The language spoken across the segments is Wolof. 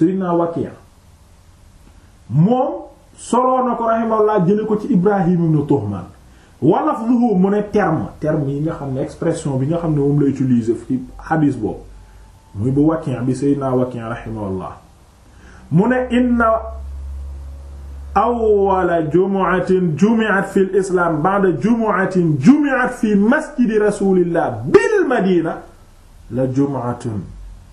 Seydina Wakiya moom soloo ko rahimahullah jële ko ci Ibrahim ibn Tuhman walaf luhu mu ne terme terme yi nga xam ne expression bi nga xam ne moom la utiliser fi hadis boobu muy bu Wakiya bi Seydina Wakiya rahimahullah mu ne inna awwala jumu'atin jumi'at fi al-islam ba'da jumu'atin jumi'at fi masjidi rasulillah bil madina la jumu'atun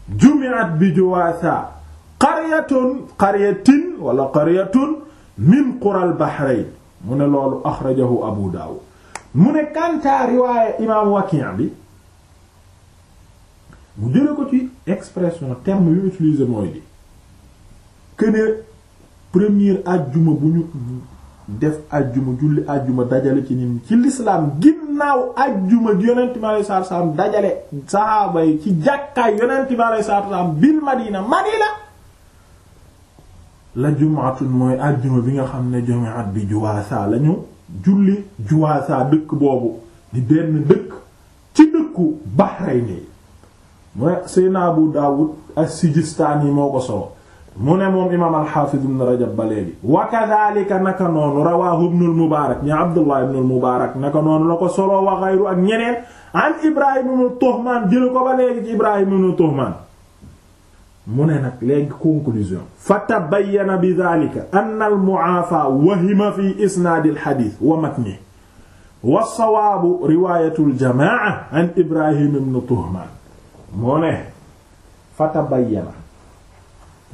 jumi'at bi juwaasa qaryatun qaryatin wala qaryatun min qural bahrayn mu ne loolu axrajahu abu daawud mu ne kantaa riwaaya imaam Waki' bi mu jële ko ci expression terme yu utilisé mooy li këne première ajjuma bu ñu def ajjuma julli ajjuma dajale ci nit ci lislaam ginnaaw ajjuma yonent bi alayhi salaatu salaam dajale saxaaba yi ci jàkkaay yonent bi alayhi bil madina madina la jumaatun mooy àjjuma bi nga xam ne jumaat bi juwaasa lañu julli juwaasa dëkk boobu di benn dëkk ci dëkku Bahrayn mu ne Seydina Abu Dawud as-Sijistaani moo ko solo mu ne moom imaam al-Hafiz ibn Rajab ba léegi wa naka noonu rawaahu ibn al-Mubarak ña Abdullah ibn al-Mubarak naka noonu la ko solo wa ak ñeneen an Ibrahim ibn Tuhman ko ba léegi ci Ibrahim ibn mu ne nag léegi conclusion fa tabayyana bi daalika anna al mu'aafa wahima fi isnaadi alxadiis wa matni wa sawaabu riwaayatu aljamaa an ibrahim ibn tuhmaan mu ne fa tabayyana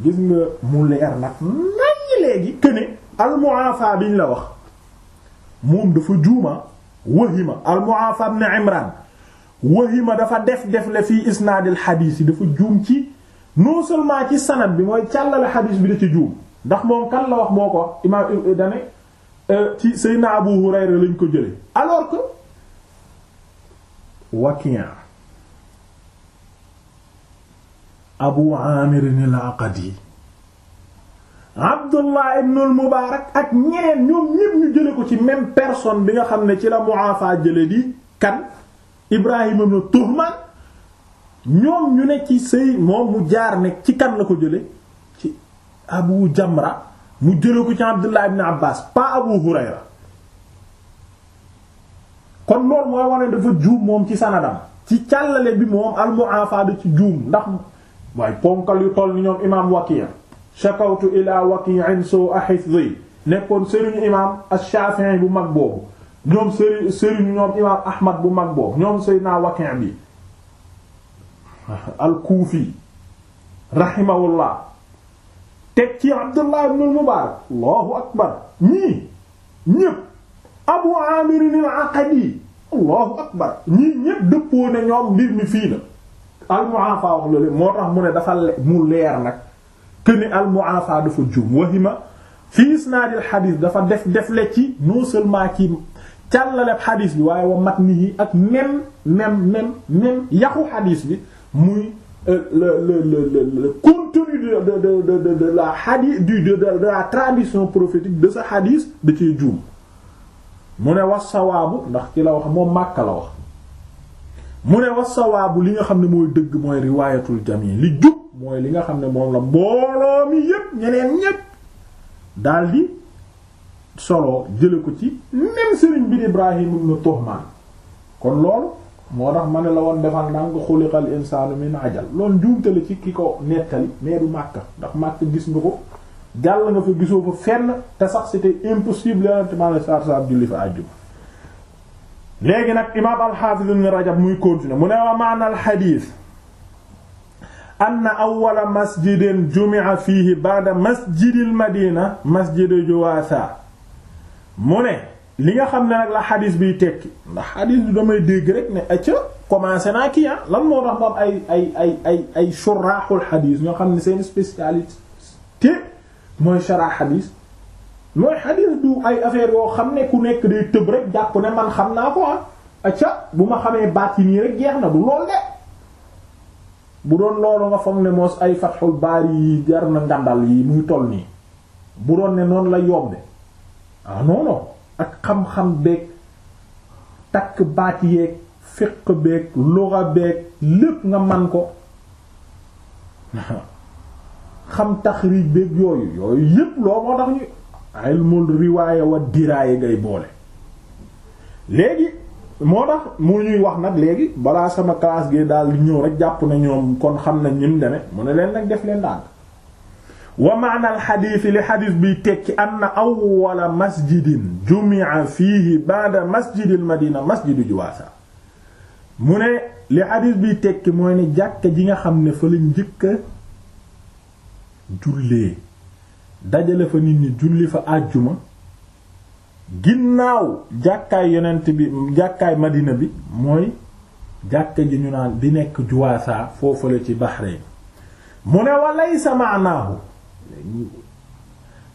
gis nga mu leer nag nañ léegi këne al mu'aafa biñ la wax moom dafa juuma wahima al mu'aafa ibn imraan wahima dafa def def la fi isnaadi alxadiis yi dafa juum ci non seulement ci sanad bi mooy càllale xadiis bi da ci juum ndax moom kan la wax moo ko wax imaam dane euh, ci Seydina Abu Hurayra lañ ko jële alors que Waki' Abu Amir al-Aqadi Abdullah ibn al-Mubarak ak ñeneen ñoom ñépp ñu jële ko ci même personne bi nga xam ne ci la muafa jële di kan Ibrahim ibn Tuhman ñoom ñu ne ci sëy moom mu jaar ne ci kan la ko jële ci abu jamra mu jële ko ci abdullah ibn abbas pas abu hurayra kon loolu mooy wane dafa juum moom ci sanadam ci càllale bi moom almuafaada ci juum ndax waaye ponkal yu toll ni ñoom imaam waqi' shakawtu ila waqi'in soo ahifdhi nekkoon sëriñu imaam ash-shafi'i bu mag boobu ñoom sëriñu ñoom imaam ahmad bu mag boobu ñoom sëy naa waqi' bi al-Kufi rahimahullah ci Abdullah ibn al-Mubarak allahu akbar ñii ñépp Abu Amir allahu akbar ñii ñépp dëppoo ne ñoom mbir mi fii la al wax loolu moo tax mu ne dafa mu leer nag këni al-Mu'afa dafa jum wahima fi isnaadil xadiis dafa def def le ci non seulement ci càllaleb xadiis bi waaye wa matnihi ak même même même même xadiis bi muy euh, le le le le contenu de de de de de la hadith du de de la tradition prophétique de sa hadith da cee juum mu ne was sawaabu ndax ci la wax moom Makka la wax mu ne was sawaabu li nga xam ne mooy dëgg mooy riwaayatul jami li jub mooy li nga xam ne moom la mbooloo mi yépp ñeneen ñépp daldi solo jële ko ci même sëriñ bi Ibrahim ibn Tuhman kon loolu. moo tax ma ne la woon defal ndànk xuliqal insaanu min ajal loolu njuumtale ci ki ko nettali mais du Makka ndax Makka gis nga ko jàll nga fa gisoo fa fenn te sax c'était impossible honnêtement la nag imaam al-Hafiz Rajab muy continuer mu ne wa ma'na al-hadith anna awwala masjidin jumi'a fihi ba'da masjidil madina masjidu Juwaasa mu ne li nga xam ne nag la xadis biy tekki ndax xadis bi damay dégg rek ne acca commencé naa kii ah lan moo tax moom ay ay ay ay ay suraaxul xadis ñoo xam ne seen spécialité mooy saraax xadis mooy xadis du ay affaire yoo xam ne ku nekk day tëb rek jàpp ne man xam naa ko ah acca bu ma xamee baat yi nii rek jeex na du lool de bu doon loolu nga foog ne moos ay fatxul baar yi jar na ngandal yi muy toll nii bu doon ne noonu la yombe ah ak xam-xam beeg takk baat yeeg fiq beeg luga beeg lépp nga man ko xam taxriij beeg yooyu yooyu yépp loo moo tax ñu ilmul riwaaya wa diraaye ngay boole léegi moo tax mu ñuy wax nag léegi balaa sama classe gee daal di ñëw rek jàpp na ñoom kon xam na ñun deme mu ne leen nag def leen daal wa maana alxadiis li xadiis biy tekki anna awwala masjidin jumi'a fiihi ba'da masjidil madina masjidu juwaasa mu ne li xadiis biy tekki mooy ne jàkka ji nga xam ne fa la njëkk jullee dajale fa nit ñi julli fa àjjuma ginnaaw jàkkaay yonent bi jàkkaay madina bi mooy jàkka ji ñu naan di nekk juwaasa foofu la ci Bahrain mu ne wa laysa ma'naahu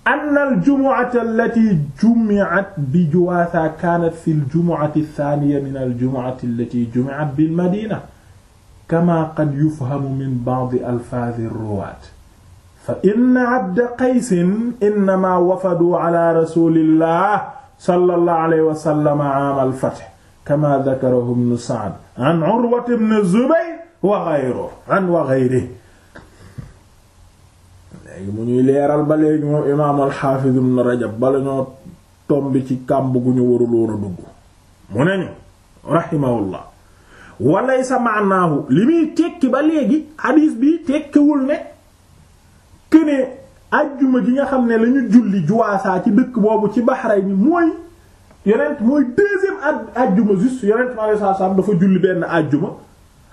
anna al-jumu'ata allati jumi'at bi Juwaasa kaanat fi al-jumu'ati ath-thaaniya min al-jumu'ati allati jumi'at bil Madina kamaa qad yufhamu min ba'di alfaazi ar-ruwaat fa inna abda qaysin innamaa wafaduu ala rasuulillah sallallahu alayhi wa sallam aam al-fath kamaa dhakarahu ibn Sa'd an Urwa ibn Zubayr wa ghayrihi an wa ghayrihi léegi mu ñuy leeral ba léegi moom imaam na ibn rajab bala ñoo tombi ci kàmb gu ñu waruloon a dugg mu ne ñu raximahullah walay sa maanaahu li muy tekki ba léegi xadiis bi tekkiwul ne këne àjjuma gi nga xam ne lañu julli juwaasaa ci dëkk boobu ci Bahrayn ni mooy yonent ma deuxième a ajjuma dafa julli benn ajjuma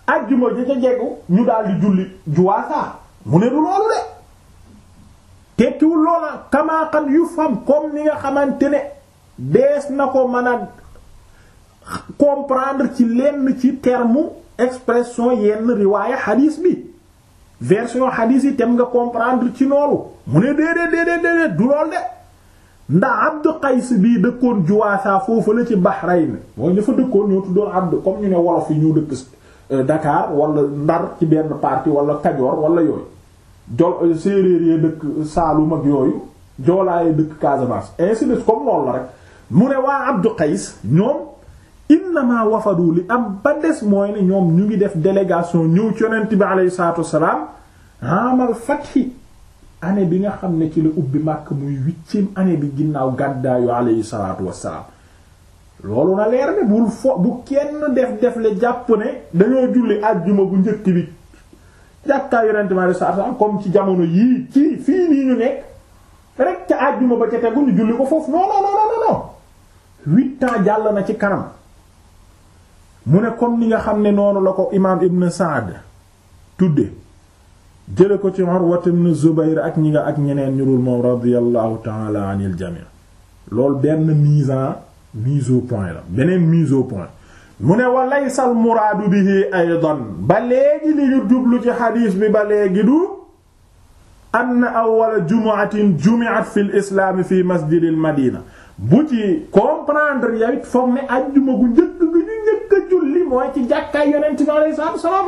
ajjuma ja ca jegu ñu daal di julli juwaasaa mu ne du loolu de tekkiwul loola kamaa qad yufham comme ni nga xamante ne dees na ko mën a comprendre ci lenn ci terme expression yenn riwaaya xadiis bi version xadiis yi tem nga comprendre ci noolu mu ne déedéet déedéet déedéet du lool de ndax Abdu Qays bii dëkkoon Juwaasa foofu la ci Bahrayn mooy ña fa dëkkoon ñoo tuddoon Abdu comme ñu ne wolof yi ñu dëkk euh, Dakar wala Ndar ci benn partie wala Kajoor wala yooyu jo euh, séeréer yee dëkk Saalum ak yooyu joolaaye dëkk Casamance ainsi de comme loolu la rek mu ne waa Abdu Qays ñoom innama wafadu li am ba des mooy ne ñoom ñu ngi def délégation ñëw ci bi aleyhi salaatu wassalaam amal fathi année bi nga xam ne ci la ubbi màkk muy huitième année bi ginnaaw gàddaayu aleyhi salaatu wassalaam loolu na leer ne bul fo bu kenn def def jàpp ne dañoo julli àjjuma bu njëkk bi jàkkaay yonent mi alayhi salaatu salaam comme ci jamono yii ci fii nii ñu nekk rek ca àjjuma ba ca tegu ñu julli ko foofu non non non non jàll na ci kanam mu ne comme ni nga xam ne noonu la ko imaam Ibn Saad tudde jële ko ci Urwa ibn Zubayr ak ñi nga ak ñeneen ñu dul moom radiyallahu ta'ala anil jami' loolu benn mise en mise au point la beneen mise au point. mu ne wa laysa al muraadu bihi aydan ba léegi li ñu jublu ci xadiis bi ba léegi du ann awwala jumu'atin jumi'at fi l islaami fi masjidil madina bu ci comprendre yawit foog ne ajjuma gu njëkk gi njëkk a julli mooy ci jàkkaay yonent bi alayhi salaatu wassalaam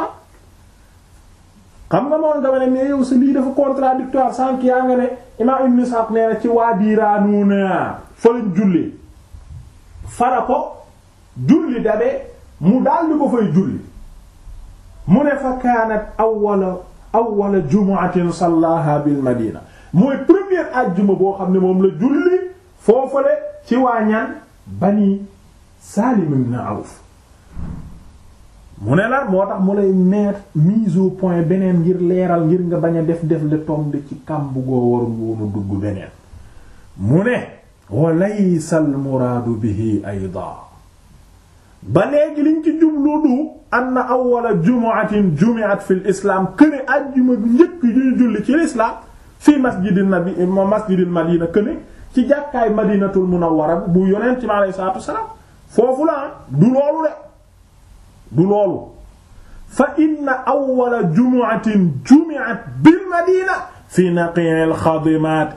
nga moom dama ne mais yow sa lii dafa contradictoire sànq yaa nga ne imaam Ibn Sa'd nee na ci waa diiraanuu na fa lañ fara ko julli dabee mu daal di ko fay julli mu ne fa kaanat awwala awwala jumu'atin sallaha bil madina mooy première ajjuma boo xam ne moom la julli foofale ci waañaan bani Salim ibn Awf mu ne la moo tax mu lay mettre mise point beneen ngir leeral ngir nga bañ def def le tombe ci kàmb goo waru woonu dugg beneen mu ne wa laysa al muraadu bihi ba léegi liñ ci jublu du anna awwala jumu'atin jumi'at fil islam këne ajjuma bu njëkk yu ñu julli ci l'islam fii masjidin nabi masjidil madina këne ci jàkkaay madinatul munawwara bu yonent mi alayhi salaatu wassalaam foofu la du loolu le du loolu fa inna awwala jumu'atin jumi'at bil madina fi naqi'il xadimaat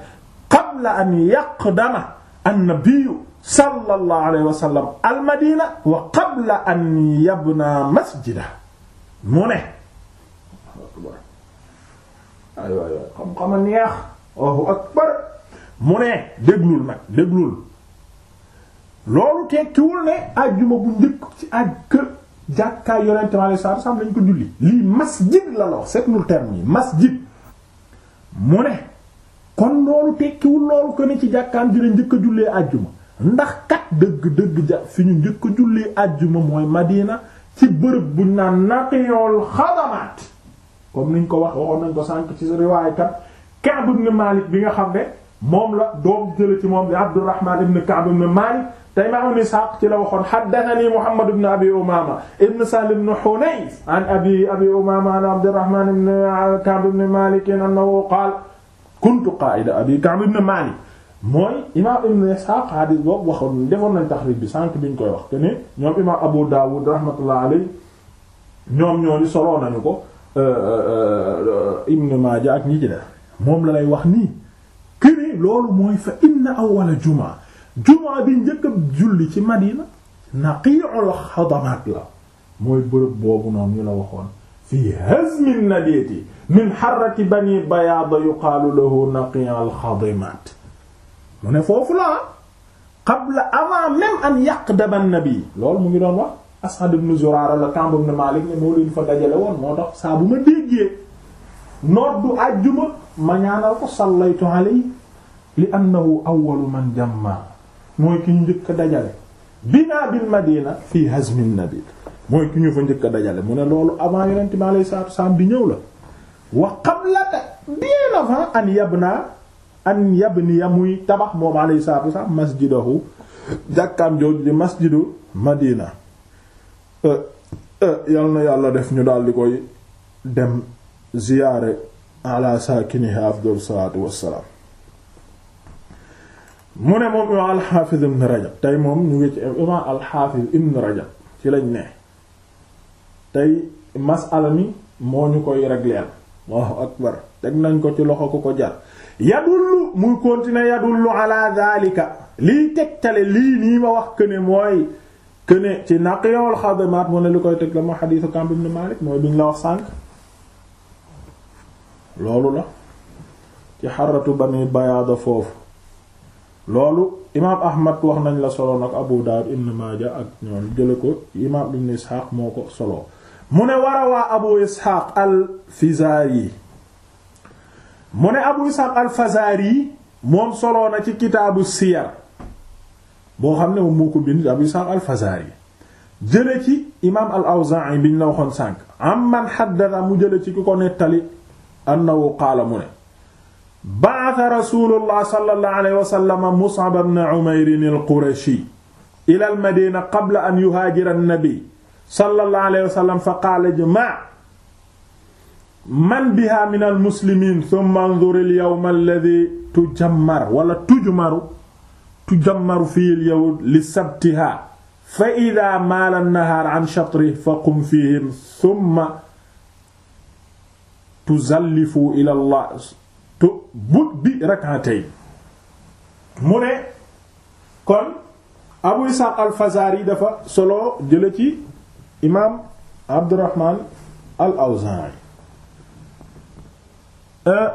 qabla an yaqdama an nabiyyu sallallahu alayhi wa sallam al madina wa qabla an yabna masjida mu ne ay waay waay akbar mu ne déglul nag déglul loolu tekkiwul ne ajjuma bu njëkk ci aj kër jàkkaay yonente mi alei satu lañ ko julli lii masjid la la wax seetlu terme yi masjid mu ne kon loolu tekkiwul loolu ko ne ci jàkkaan ji la njëkk a jullee ajjuma ndax kat dëgg dëgg ja fi juli njëkk a jullee àjjuma mooy Madina ci bërëb buñ naan naqiyool xadamaat comme ko wax waxoon ko sànk ci riwaay kat Ka'b ibn Malik bi nga xam ne moom la doom jële ci moom di Abdurrahman ibn Ka'b ibn Malik te imaam ibn Isaaq ci la waxoon haddathani Muhammad ibn Abi Umaama ibn Salim ibn Hunayf an abi Abi Umaama an Abdurrahman ibn Ka'b ibn Malik annahu qaala kuntu qaa'ida Abi Ka'b ibn Malik mooy imaam ibn Ishaq hadis boobu waxoon defoon nañ taxrij bi sànq biñ koy wax te ne ñoom imaam Abu Dawud rahmatullah alayhi ñoom ñooñu soloo nañu ko euh, euh, Ibn Maaja ak ñi ci def moom la lay wax nii këne loolu mooy fa inna awwala jumaa jumaa bi njëkk a julli ci Madina naqi'ul xadamaat la mooy bërëb boobu noonu ñu la waxoon fi hazmi nadiiti min harrati bani bayaada yuqaalu lahu naqi'ul xadamaat mu ne foofu la qabla avant même an yaqdama nabi loolu mu ngi doon wax As'ad ibn Zurara la Ka'b ibn Malik ne moo leen fa dajale woon moo tax saa bu ma déggee noddu àjjuma ma ñaanal ko sallaytu alayhi li annahu awwalu man jamma mooy ki njëkk a dajale bina bil madina fii hazmin nabi mooy ki ñu fa njëkk dajale mu ne loolu avant yonente bi alayhi salaatu wasalaam di ñëw la wa qabla bien avant an yabna an yabniya muy tabax moom alayhi salaatu wasalaam masjidahu jàkkaam jooju di masjidu madina euh, euh, yal na yàlla def ñu daal di koy dem ziyaare ala saakiniha afdalu salaatu wassalaam mu ne moom imaam alxaafiz ibn rajab tey moom ñu ngi ci imaam alxaafiz ibn rajab ci lañ ne tey masala mi moo ñu koy regleel allahu akbar teg nañ ko ci loxo ku ko jar yadullu muy continuer yadullu ala zalika liy tegtale ma wax que ne mooy que ne ci naqiyul xadamaat mu ne li koy teg la moo xadiisu Kaab ibn Maalik mooy biñ la wax sànq loolu la ci xaratu bani bayaada foofu loolu imaam Ahmad wax nañ la solo nag Abu Daawud ibn Maaja ak ñoom jële ko imaam ibn Isxaaq moo ko solo mu ne war waa Abu Isxaaq al-Fizaari mu ne abu isxaaq alfazaari moom soloo na ci kitaabu siyar boo xam ne moom moo ko bind abu isxaaq alfazaari jële ci imaam al awzaa'i bi ñu la waxoon sànq am man xaddata mu jële ci ki ko nettali annahu qaala mu ne ba'atha rasulullah sallallahu alayhi wa sallam mus'ab ibn umayr al qurashi ila al madina qabla an yuhaajira an nabi sallallahu alayhi wa sallam fa qaala ijma' man biha min al muslimin thumma anzur al yawma alladhi tujammar wala tujmaru tujammaru fihi al yawm li sabtiha fa idha mala an nahar an shatrihi fa qum fihim thumma tuzallifu ila allah tu but bi rak'atayn mu ne kon abu ishaq al fazari dafa solo jële ci imaam abdurrahman al awza'i Euh,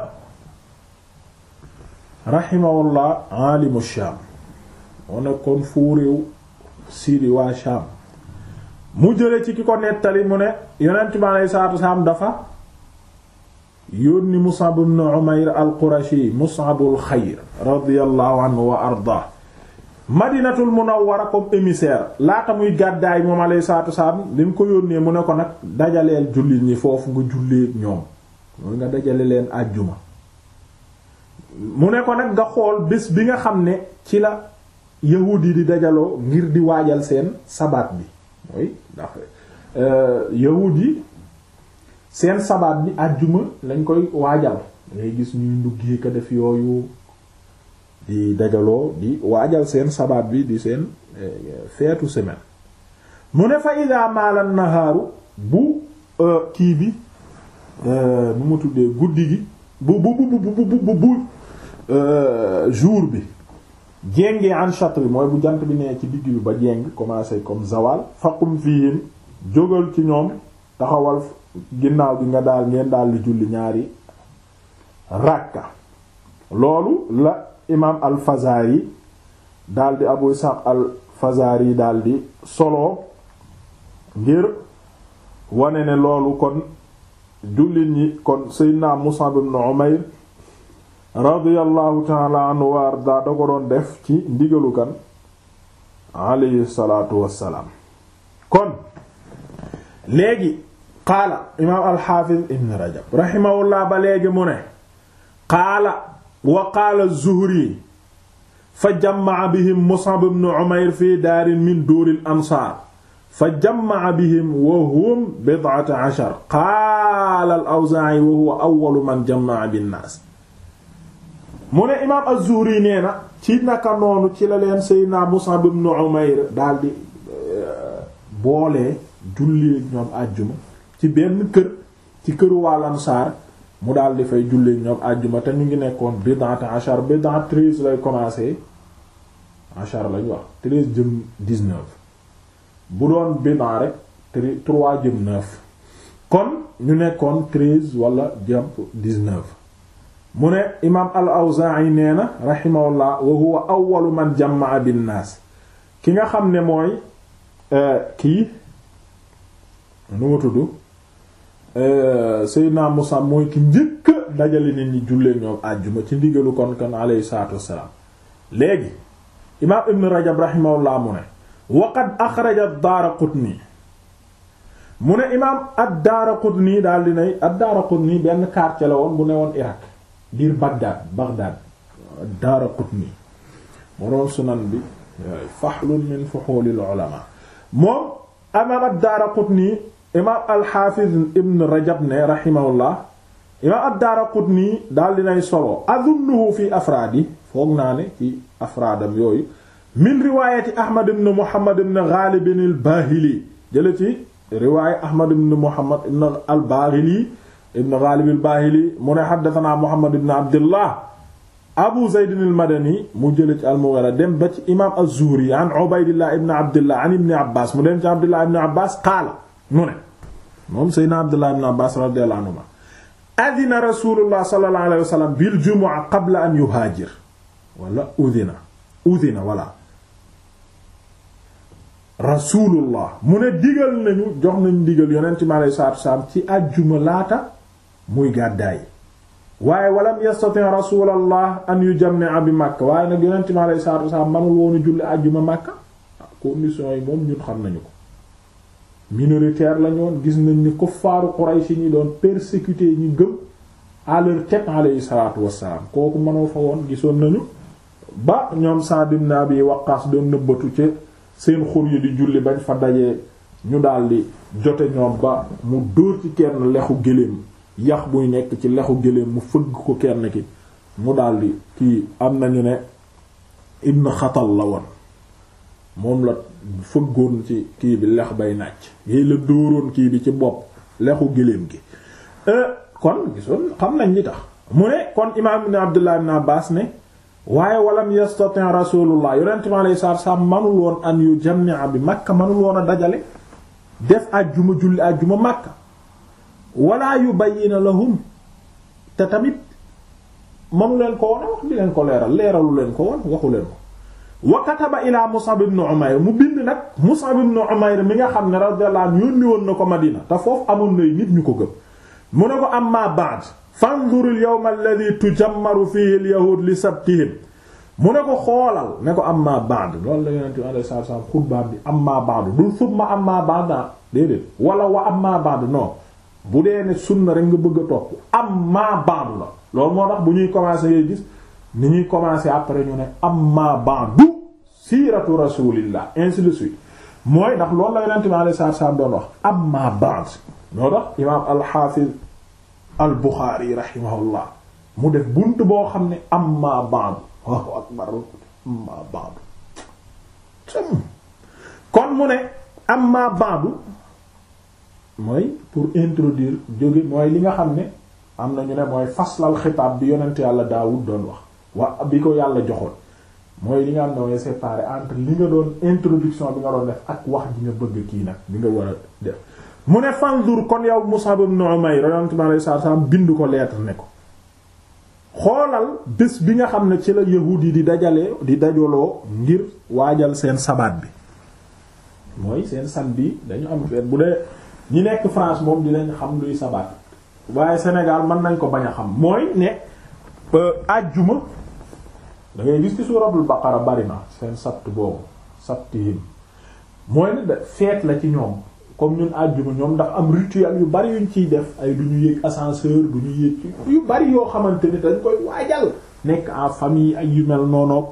rahimahullah alimu Shaam moo nekkoon fu réew Syrie Shaam mu jële ci ki ko nettali mu ne yonent bi alayhi salaatu wasalaam dafa yónni Mus'ab ibn Umayr al-Qurashi Mus'abul Xayr radiyallahu anhu wa ardaa Madinatul Munawwara comme émissaire laata muy gàddaay moom alayhi salaatu wasalaam li mu ko yónnee mu ne ko nag dajaleel jullit ñi foofu nga jullee ñoom mooy nga dajale leen àjjuma mu ne ko nag nga xool bés bi nga xam ne ci la yahuud yi di dajaloo ngir di waajal seen sabaat bi mooy ndax euh, yahuud yi seen sabaat bi àjjuma lañ koy waajal ngay gis ñuy nduggee ko def yooyu di dajaloo di waajal seen sabaat bi di seen euh, feetu semaine mu ne fa ida maala nahaaru bu euh, kii bi bu euh, mu tuddee guddi gi bu bu bu bu bu bu euh, jour bi jéngee an shatri mooy bu jant bi nee ci digg bi ba jéng commencé comme zawal faqum fihim jógal ci ñoom taxawal ginnaaw bi nga daal ngeen daal di julli ñaari ràkka loolu la imaam al-Fazari daal di Abu Ishaq al-Fazari di solo ngir wane ne loolu kon jullit ñi kon seydna Mus'ab ibn Umayr radiyallahu taala anhu wa da ko doon def ci ndigalu kan alayhi salaatu wassalaam kon léegi qaala imaam alxaafiz ibn rajab raximahullah ba léegi mu ne qaala wa qaala zuhri fa jamaa bihim Mus'ab ibn Umayr fi daarin min duuril ansaar fa jammaa bihim wa hum bid'ata ashar qaala al-Awzaa'i wa huwa awwalu man mu ne imaam az-Zuhri ci naka noonu ci la leen Seydina Mus'ab ibn Umayr daal di euh, boolee jullee ñoom àjjuma ci benn kër ci këru waa mu daal di fay jullee ñoom àjjuma te ñu ngi nekkoon bid'ata ashar bid'at treize lay commencer ashar lañ wax treize jëm bu doon bidaa rek trois jëm neuf kon ñu nekkoon treize wala jëm dix-neuf mu ne imaam al-Awzaa'i nee na rahimahullah wa huwa awwalu man jamaa binnaas ki nga xam ne mooy euh, kii nu ma tudd euh, Seydina Musa mooy ki njëkk dajale nit ñi jullee ñoom àjjuma ci ndigalu kon kan alayhi salaatu wassalaam léegi imaam Ibn Rajab rahimahullah mu ne waqad axraja ad-Daaraqutni mu ne imaam ad-Daaraqutni daal di nay ad-Daaraqutni benn quartier la woon bu ne woon Irak diir Bagdad Bagdad ad-Daaraqutni boroom sunan bi fahlun min fuhuulil ulamaa moom imaam ad-Daaraqutni imaam al ibn Rajab ne rahimahullah imaam ad-Daaraqutni daal di nay solo azunnuhu fi afraadi foog naa ne ci afraadam yooyu min riwaayati ahmad ibn muhammad ibn ghalib al bahili jële ci riwaaya ahmad ibn muhammad ibn al bahili ibn ghalib al bahili mu ne haddathana muhammad ibn abdullah abu zayd al madani mu jële ci al mughira dem ba ci imaam az-zuhri an ubaydillah ibn abdullah an ibn abbas mu dem ci abdullah ibn abbas qaala mu ne moom seydna abdullah ibn abbas radiyallahu anhuma adina rasulullah sallallahu alayhi wa sallam bil jumu'a qabla an yuhaajir wala udina udina wala rasulullah mu ne digal nañu jox nañ digal yonent mi aleyhi salaatu wasalaam ci àjjuma laata muy gàddaay waaye walam yastati rasulallah an yujammi'a bi Makka waaye nag yonent mi aleyhi salaatu wasalaam manul woonu julli àjjuma Makka ah, conditions yi moom ñun xam nañu ko minoritaire lañu woon gis nañ ni kuffaaru Quraysh ñi doon persécuter ñi gëm à leur tête aleyhi salaatu wasalaam kooku mënoo fa woon gisoon nañu ba ñoom Sa'd ibn Abi Waqqas doon nëbbatu ci seen xur yi di julli bañ fa dajee ñu daldi jote ñoom ba mu dóor ci kenn lexu géléem yax buy nekk ci lexu géléem mu fëgg ko kenn ki mu daldi kii am nañu ne ibn xatal la woon moom la fëggoon ci kii bi lex bay nàcc yéy la dóoroon kii bi ci bopp lexu géléem gi euh, kon gisoon xam nañ li tax mu ne kon imaam ibn abdullah ibn abbas ne waaye walam yastati rasulullah yonente mi alayhi salaatu salaam manul woon an yu jamia bi makka manul woon a dajale def àjjuma julli àjjuma makka wala yubayyina lahum te tamit manu leen ko woon a wax di leen ko leeral leeralu leen ko woon waxu leen ko wa kataba ila Mus'ab ibn Umayr mu bind nag Mus'ab ibn Umayr mi nga xam ne radiyallahu anhu yónni woon na ko Madina te foofu amoon na nit ñu ko gëm mu ne ko amma ba'd fanzur al yawma alladhi tujammaru fihi al yahud li sabtihim mu ne ko xoolal ne ko amma ba'd loolu la yonent bi alayhi salaatu salaam xutbaam bi amma ba'd du summa amma ba'd ah, déedéet wala wa amma ba'd non bu dee ne sunna rek nga bëgg a topp amma ba'd la loolu moo tax bu ñuy commencer ngay gis ni ñuy commencer après ñu ne amma ba'du siiratu rasulillah ainsi de suite mooy ndax loolu la yonent bi alayhi salaatu salaam doon wax amma ba'd ñoo tax imaam al-Hafiz al Buxaari rahimahullah mu def bunt boo xam ne amma ma waaw akbar amma ba'du kon mu ne amma ba'du mooy pour introduire jóge mooy li nga xam ne am na ñu ne mooy faslal xitaab bi yonent yàlla Daawud doon wax wa bi ko yàlla joxoon mooy li nga xam ne mooy séparé entre li nga doon introduction bi nga doon def ak wax ji nga bëgg kii nag bi nga war a def mu ne fanzur kon yow Mus'ab ibn Umayr radiyallahu anhu sallallahu alayhi wasallam bind ko lettre ne ko xoolal bés bi nga xam ne ci la yahuud yi di dajale di dajaloo ngir waajal seen sabaat bi mooy seen san bi dañu am feet bu dee ñi nekk France moom dinañ xam luy sabaat waaye Sénégal mën nañ ko bañ a xam mooy ne euh, àjjuma da ngay gis ci suuratul Baqara bari na seen sabt boobu sabt yi mooy ne feet la ci ñoom comme ñun àjjuma ñoom ndax am rituel yu bari yuñ ciy def ay du ñu yéeg ascenseur du ñu yéeg yu bari yoo xamante ni dañ koy waajal nekk en famille ak yu mel noonu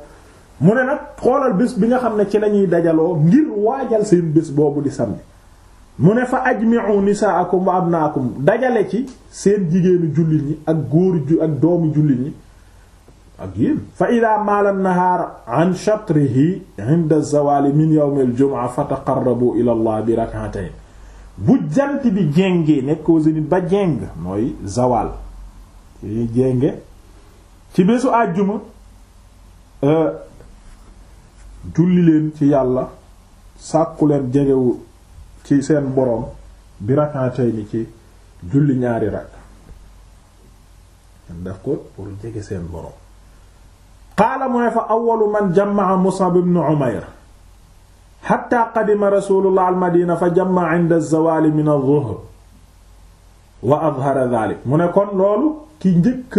mu ne nag xoolal bés bi nga xam ne ci lañuy dajaloo ngir waajal seen bés boobu di samedi mu ne fa ajmi'u nisaakum wa abnaakum dajale ci seen jigéenu julli ñi ak góor ak doomu jullit ñi ak yéen fa ida maala nahaar an shatrihi inda zawali min yawm al jumaa fa taqarrabu ila allah bi rak'atayn bu jant bi jéngee nekk au zénith ba jéng mooy zawal ci jénge ci bésu àjjuma euh, julli leen ci yàlla sàkku leen jegewu ci seen borom bi rak'atayn ci julli ñaari rak daf ko pour jege seen boroom qaala mu ne fa awwalu man jamaa Mus'ab ibn Umayr xatta qadima rasulullah almadina fa jamaa inda zawaali min az-zuhr wa azhara dhalik mu ne kon loolu ki njëkk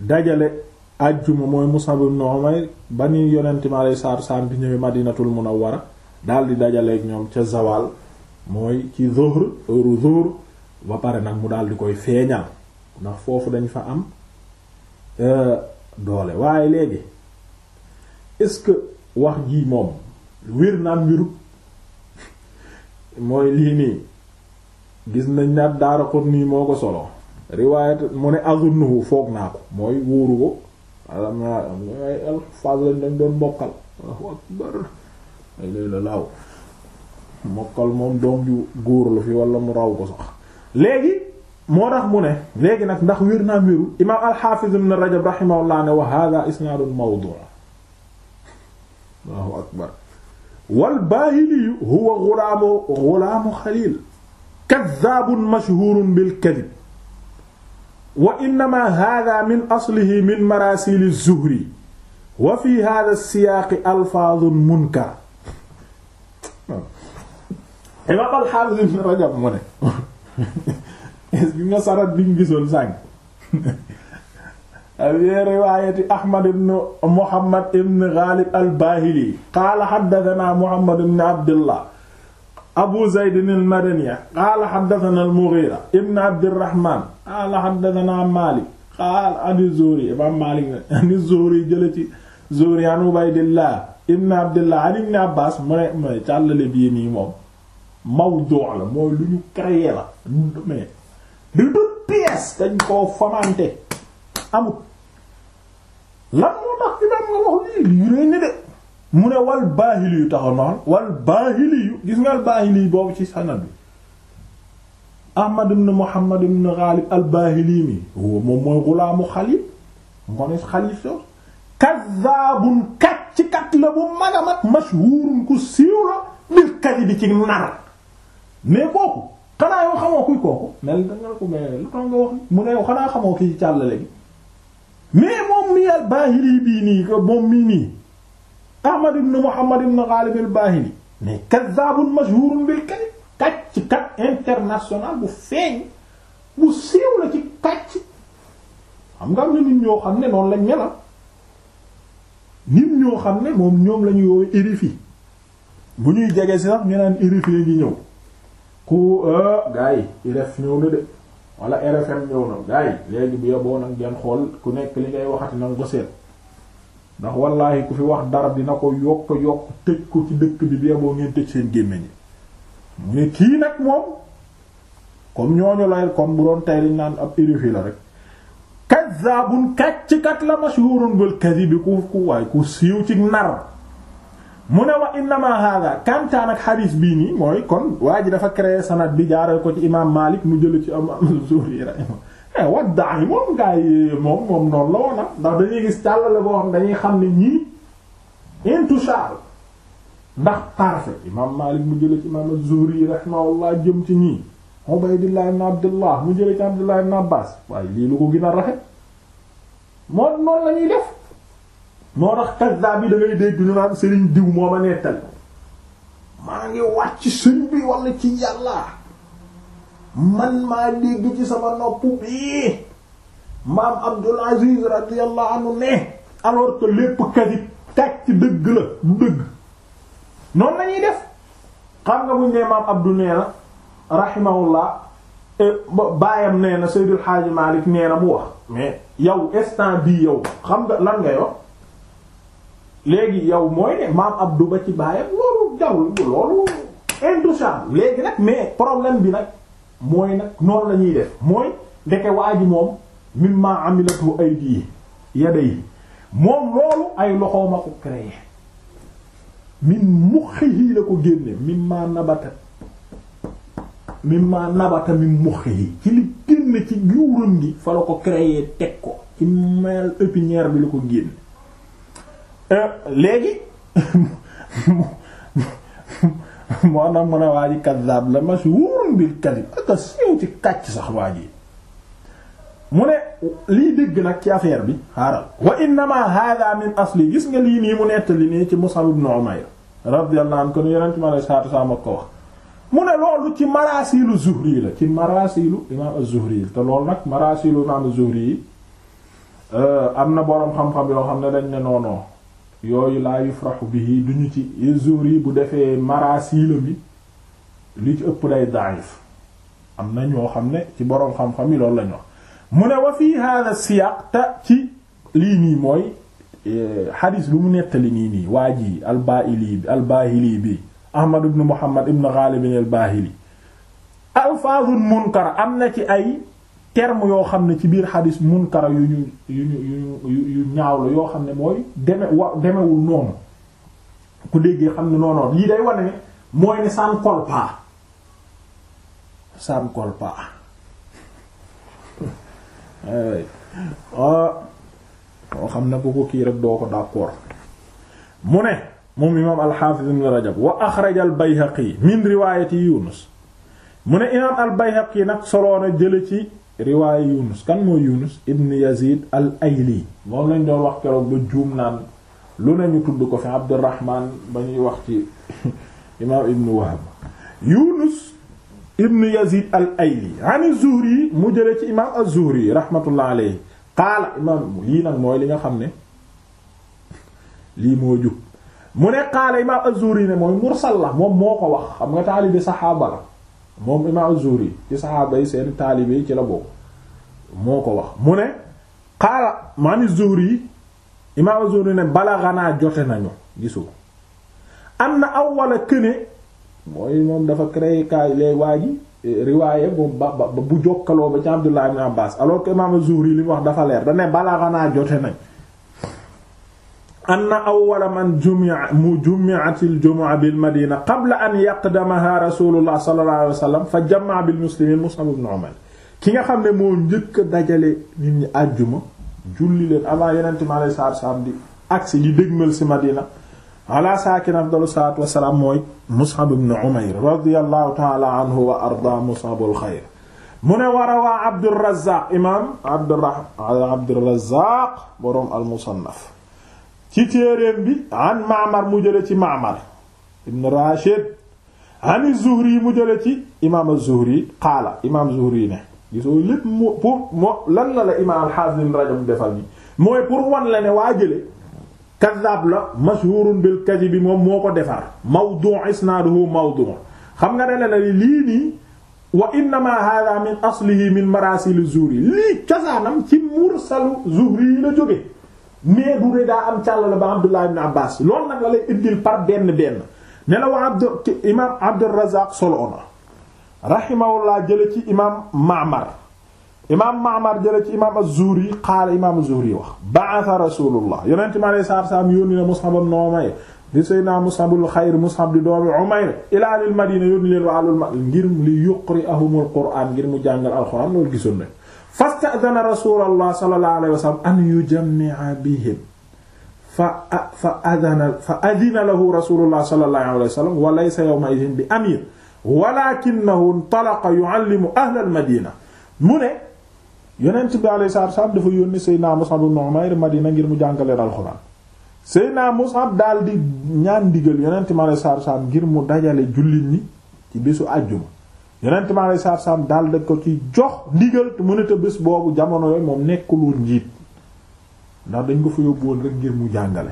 dajale àjjuma mooy Mus'ab ibn Umayr ba ni yonente mi aleyhi salaatu bi ñëwee madinatul munawwara daal di dajaleeg ñoom ca zawaal mooy ci zuhr heure zuhr ba pare nag mu daal di koy feeñal ndax foofu dañ fa am euh, doole waaye léegi est-ce wax ji moom wér naa am wirut mooy lii nii gis nañ ne ab Daaraqutni moo ko solo riwaayat mu ne azunnuhu foog naa ko mooy wóoru ko alama ay alxafaas lañ la laaw mokkal moom doom ju góor la fi wala mu raw ko sax léegi moo tax mu ne léegi nag ndax wér naa wéru imaam al-Hafiz ibn Rajab rahimahullah ne wa hadha isnaadun mawdu' Allahu akbar wal Bahili huwa ghulaamu ghulaamu Khalil kadhaabun mashhuurun bil kadhib wa innama hadha min aslihi min marasil az-Zuhri wa fi hadha as-siyaaq alfaadun munkar imaam al-Hafiz ibn Rajab mu ne gi nga sarat bi ñu gisoon sànq fi riwaayati ahmad ibn muhammad ibn ghalib al bahili qaala xaddatana muhammad ibn abdullah abu zayd al madani qaala xaddatana al mughira ibn abdirahman qaala xaddatana malik qaala ani zuhri imam malik ne ani zuhri jële ci zuhri an ubaydillah ibn abdullah an ibn abbas mu ne mu ne càllale bii nii moom mawdu' la mooy lu ñu créé la mais de toutes pièces dañ koo famante amut lan moo tax imaam nga mu ne wal baahili yu noonu wal baahili gis nga al baahili boobu ci sanad bi ahmad ibn muhammad ibn ghalib al baahili mi huwa moom mooy gulaamu xalil ngonis xalil so kazaabun kàcc kat la bu mag mashhuurun ku siiw la bil kadibi ci nar mais kooku xanaa yow xamoo kuy kooku mel da nga ko mais lu tax nga wax mu ne yow xanaa xamoo kii càllale bi mais moom mi al-Bahili bii nii moom mii nii Ahmad ibn Muhammad ibn Ghalib al-Bahili mais kazzabun mashhurun bil kadhib kàcc kat international bu feeñ bu siiw la ci kàcc xam nga am na nit ñoo xam ne noonu lañ mel ah. nit ñoo xam ne moom ñoom la ñu yooyu érifyi bu ñuy jege si sax ñu naan érifie ngi ñëw ku e, gaa yi RF ñëw na de wala RFM ñëw na gaa yi léegi bu yoboo nag ngeen xool ku nekk li ngay waxati nag ko seet ndax wallaahi ku fi wax dara dina ko yokk yokk tëj ko ci dëkk bi bu yoboo ngeen tëj seen gémmiñ yi mu ne kii nag moom comme ñooñu lay comme bu doon tey liñ naan ab érufi la rek kazzabun kàcc kat la mashhurun bil kadhib ku ku waaye ku siiw ci nar mu ne wa innama hada kantaan ak xadiis bii nii mooy kon waa ji dafa créé sanad bi jaaral ko ci imaam Maalik mu jële ci am Zuhri rahima eh, waddaa yi moom gaa yi moom moom noonu la woona ah, ndax dañuy gis càllale boo xam dañuy xam ne ñii intouchable ndax parfait imaam Maalik mu jële ci imaam Zuhri rahimahullah jëm ci ñii Ubaydillah ibn Abdullah mu jële ci Abdullah ibn Abbas waaye lii lu ko gën a rafet moom noonu la ñuy def moo tax kaddaab bi da ngay dégg ñu naan sëriñ diw moo ma nettal maa ngi wàcc sëñ bi wala ci yàlla man maa dégg ci sama nopp bii maam Abdul Aziz radiyallahu anhu ne alors que lépp kadib tàcc dëgg la du dëgg noonu lañuy def xam nga buñ nee maam Abdou nee na rahimahullah eh, baayam nee na Seydil Hadji Malick nee mu wax mais yow instant bii yow xam nga lan ngay wax léegi yow mooy ne maam Abdu ba ci baayam loolu jarul loolu intouchable léegi nag mais problème bi nag mooy nag noonu la ñuy def mooy ndeke waa ji moom mimma amilatu aydi yaday moom loolu ay loxoom a ko créé min muxihi la ko génne mimma nabata mimma nabata min ci li génn ci juuram gi fa la ko créé teg ko ci mel épinière bi la ko génne Euh, léegi moo nag mën a waa la mashhuurun bil kadib aka siiw ci kàcc sax waa ji mu ne lii dégg nag ci affaire bi xaaral wa innama hada min asli gis nga lii nii mu nettali nii ci Mus'ab ibn Umayr radiyallahu anhu kon yeneen ci ma lay saa ma ko wax mu ne loolu ci marasilu Zuhri la ci marasilu imaam az-Zuhri te loolu nag marasilu imaam az-Zuhri yi euh, am na boroom xam-xam yoo xam ne dañ ne noonoo yooyu laa yufraxu bihi duñu ci Zuhri bu defee maraasiila bi li ci ëpp day da'if am na ñoo xam ne ci boroom xam-xam yi loolu lañu wax mu ne wa fii hada siyaq te ci lii nii mooy e, xadis bi mu nettali nii nii waa ji al-Baahili bi al bi Ahmad ibn Muhammad ibn Ghalib al-Baahili alfaazun munkar am na ci ay terme yoo xam ne ci biir xadis munkara yu ñu yu ñu yu ñu ñaaw la yoo xam ne mooy deme wa demewul noonu ku déggee xam ne noonoon lii day wane ne mooy ne san kolpa san kolpa eh ah, oo xam ne ku ko kii rek doo ko d'accord mu ne moom imaam al-Hafiz ibn Rajab wa axraja al-Bayhaqi min riwaayati Yunus mu ne imaam al-Bayhaqi nag soloona jële ci riwaaye Yunus kan mooy Yunus ibn Yazid al Ayli moom lañ doon wax keroog ba juum naan lu ne ñu tudd ko fi Abdurrahman ba ñuy wax ci imaam ibn Wahb Yunus ibn Yazid al Ayli mu jëlee ci imaam az-Zuhri rahmatullah alayhi qaala imaam lii nag mooy li nga xam ne lii moo jub mu ne qaala imaam az-Zuhri ne mooy mursal la moom moo ko wax xam nga taalibe saxaaba la moom imam Zuhri ci saxaaba yi seen taalibe yi ci la bokk moo ko wax mu ne xaala maani Zuhri imam Zuhri ne bala xanaa jote nañu gisoo am na aw awwala këne mooy moom dafa créé kaay lay waa ji riwaaye moom ba ba bu jokkaloo ba ci Abdullah ibn Abbas alors que imam Zuhri li mu wax dafa leer da ne bala xanaa jote nañ anna awwala man jumi'a mu jumi'atil jumu'a bil madina qabla an yaqdamaha rasulullah sallallahu alayhi wa sallam fa jama'a bil muslimin Mus'ab ibn Umayr ki nga xam ne moo njëkk a dajale nit ñi àjjuma julli leen avant yenente mi alei salatu salaam di agsi di dégmal ci madina ala saakin afdalu salaatu wasalaam mooy Mus'ab ibn Umayr radiyallahu ta'ala anhu wa arda Mus'abul xayr mu ne war a waa Abdurrazzaq imam Abdurrazzaq boroom al-Musannaf ci téereem bi an Ma'mar mu jële ci Ma'mar ibn Rashid an Zuhri mu jële ci imaam Zuhri qaala imaam Zuhri ne gisoo lépp moo pour moo lan la la imaam al-Hafiz ibn Rajab defal nii mooy pour wan la ne waa jële kaddaab la mashhurun bil kadhib bi moom moo ko defar mawdu' isnaaduhu mawdu' xam nga ne la lii nii wa innama hadha min aslihi min maraasil Zuhri lii cosaanam ci mursalu Zuhri yi la jóge mais du ne daa am càllale ba Abdullah ibn Abbas lool nag la lay indil par benn benn ne la waa Abdu imaam Abdurrazaaq solo na rahimahullah jële ci imaam Ma'mar imaam Ma'mar jële ci imaam az qaala imaam az wax ba'atha Rasulullah yonent mi alayhi salaatu wa salaam na Mus'ab ibn Umayr di Seydina Mus'abul Xayr Mus'ab doomi Umayr ilaa al-Madiina yónni leen waa alul ngir li yuqri'ahumul Qur'aan ngir mu jàngal alxuraan loolu gisoon nañ fasta'dana rasulallah sallallahu alayhi wa sallam an yujammi'a bihim fa fa adana fa adina lahu rasulullah sallallahu alayhi wa sallam wa laysa yawma'idhin bi amir walakinahu intalaqa yu'allimu ahla al-madina mu ne yonent bi alayhi salaatu wa salaam dafa yónni Seydina Mus'ab ibn Umayr Madina ngir mu jàngaleen alxuraan Seydina Mus'ab daal di ñaan ndigal yonent bi alayhi salaatu wa salaam ngir mu dajale jullit ñi ci bésu àjjuma yonent mi alayhi salaatu salaam daal da ko ci jox ndigal te mën a bés boobu jamono yooyu moom nekk woon njiit ndax dañ ko fa yóbbu woon rek ngir mu jàngale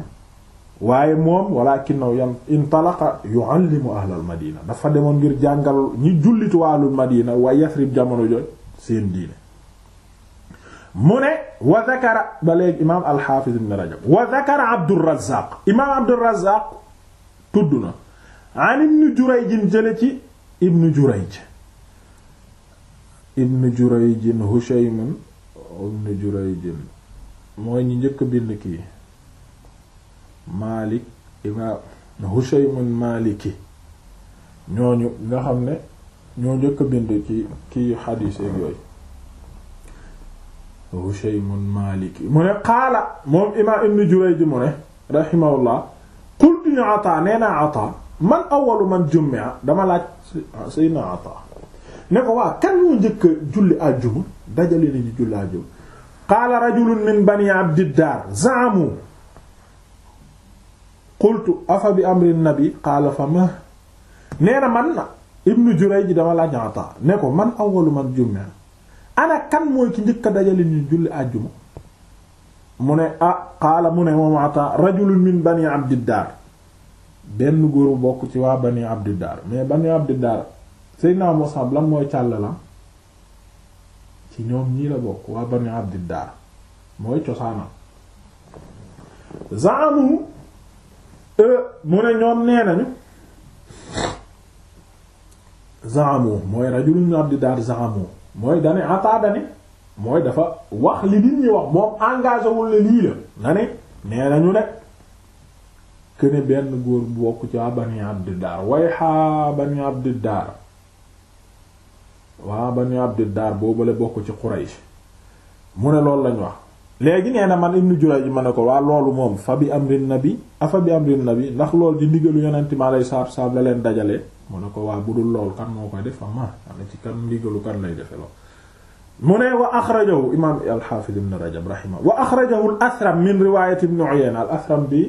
waaye moom walakinahu yan intalaqa yuallimu ahlal madina dafa demoon ngir jàngal ñi jullit waalul madina waaye yasrib jamono joj seen diine mu ne wa zakara ba léegi imaam alxaafiz ibn rajab wa zakara abdurazaq imaam abdurazaq tudd na an ibn jurayj jële ci ibn jurayj ibn jurayjin hushaymun ibn jurayjin mooy ñi njëkk bind kii maalik imaam hushaymun maaliki ñooñu nga xam ne ñoo njëkk bind ci kii xadiis yooyu hushaymun maaliki mu ne qaala moom imaam ibn jurayj mu ne rahimahullah qultu ñu ataa nee naa ataa man awalu man jumia dama laaj sayyidina ataa ne ko waa kan moo njëkk a julli àjjuma dajale nañu julli àjjuma qaala rajulun min bani abdiddaar zaamu qultu afa bi amri nabi qaala fa ma nee na man ibnu Jurayj ji dama laaj Ata ne ko man awwalu man jumaa ana kan mooy ki njëkk dajale ñu julli àjjuma mu ne ah qaala mu ne moom Ata rajulun min bani abdiddaar benn góor bokk ci waa bani abdiddaar mais bani abdiddaar Seydina Musab lan mooy càllalam ci ñoom ñii la bokk waa Banu Abdiddaar mooy cosaanam zaamu euh, mu ne ñoom nee nañu zaamu mooy rajulun min Abdiddaar zaamu mooy dane ataa dane mooy dafa wax li nit ñi wax moom engagé wul la lii la na ne nee nañu nag këne benn góor bu bokk ci waa Banu Abdiddaar way xaa Banu Abdiddaar waa daar boobu la bokk ci Quraysh mu ne loolu lañu wax léegi nee na man ibnu ji ma ne ko waa loolu moom fa bi amrin nabi afa bi amrin nabi ndax lool di ndigalu yonent mi alayhi salaatu salaam la leen dajale mu ne ko waa bu dul loolu kan moo koy def amma ana ci kan ndigalu kan lay defe lool mu ne wa axrajahu imaam al-Hafiz ibn Rajab rahima wa axrajahu al-Athram min riwaayati ibn Uyayna al-Athram bi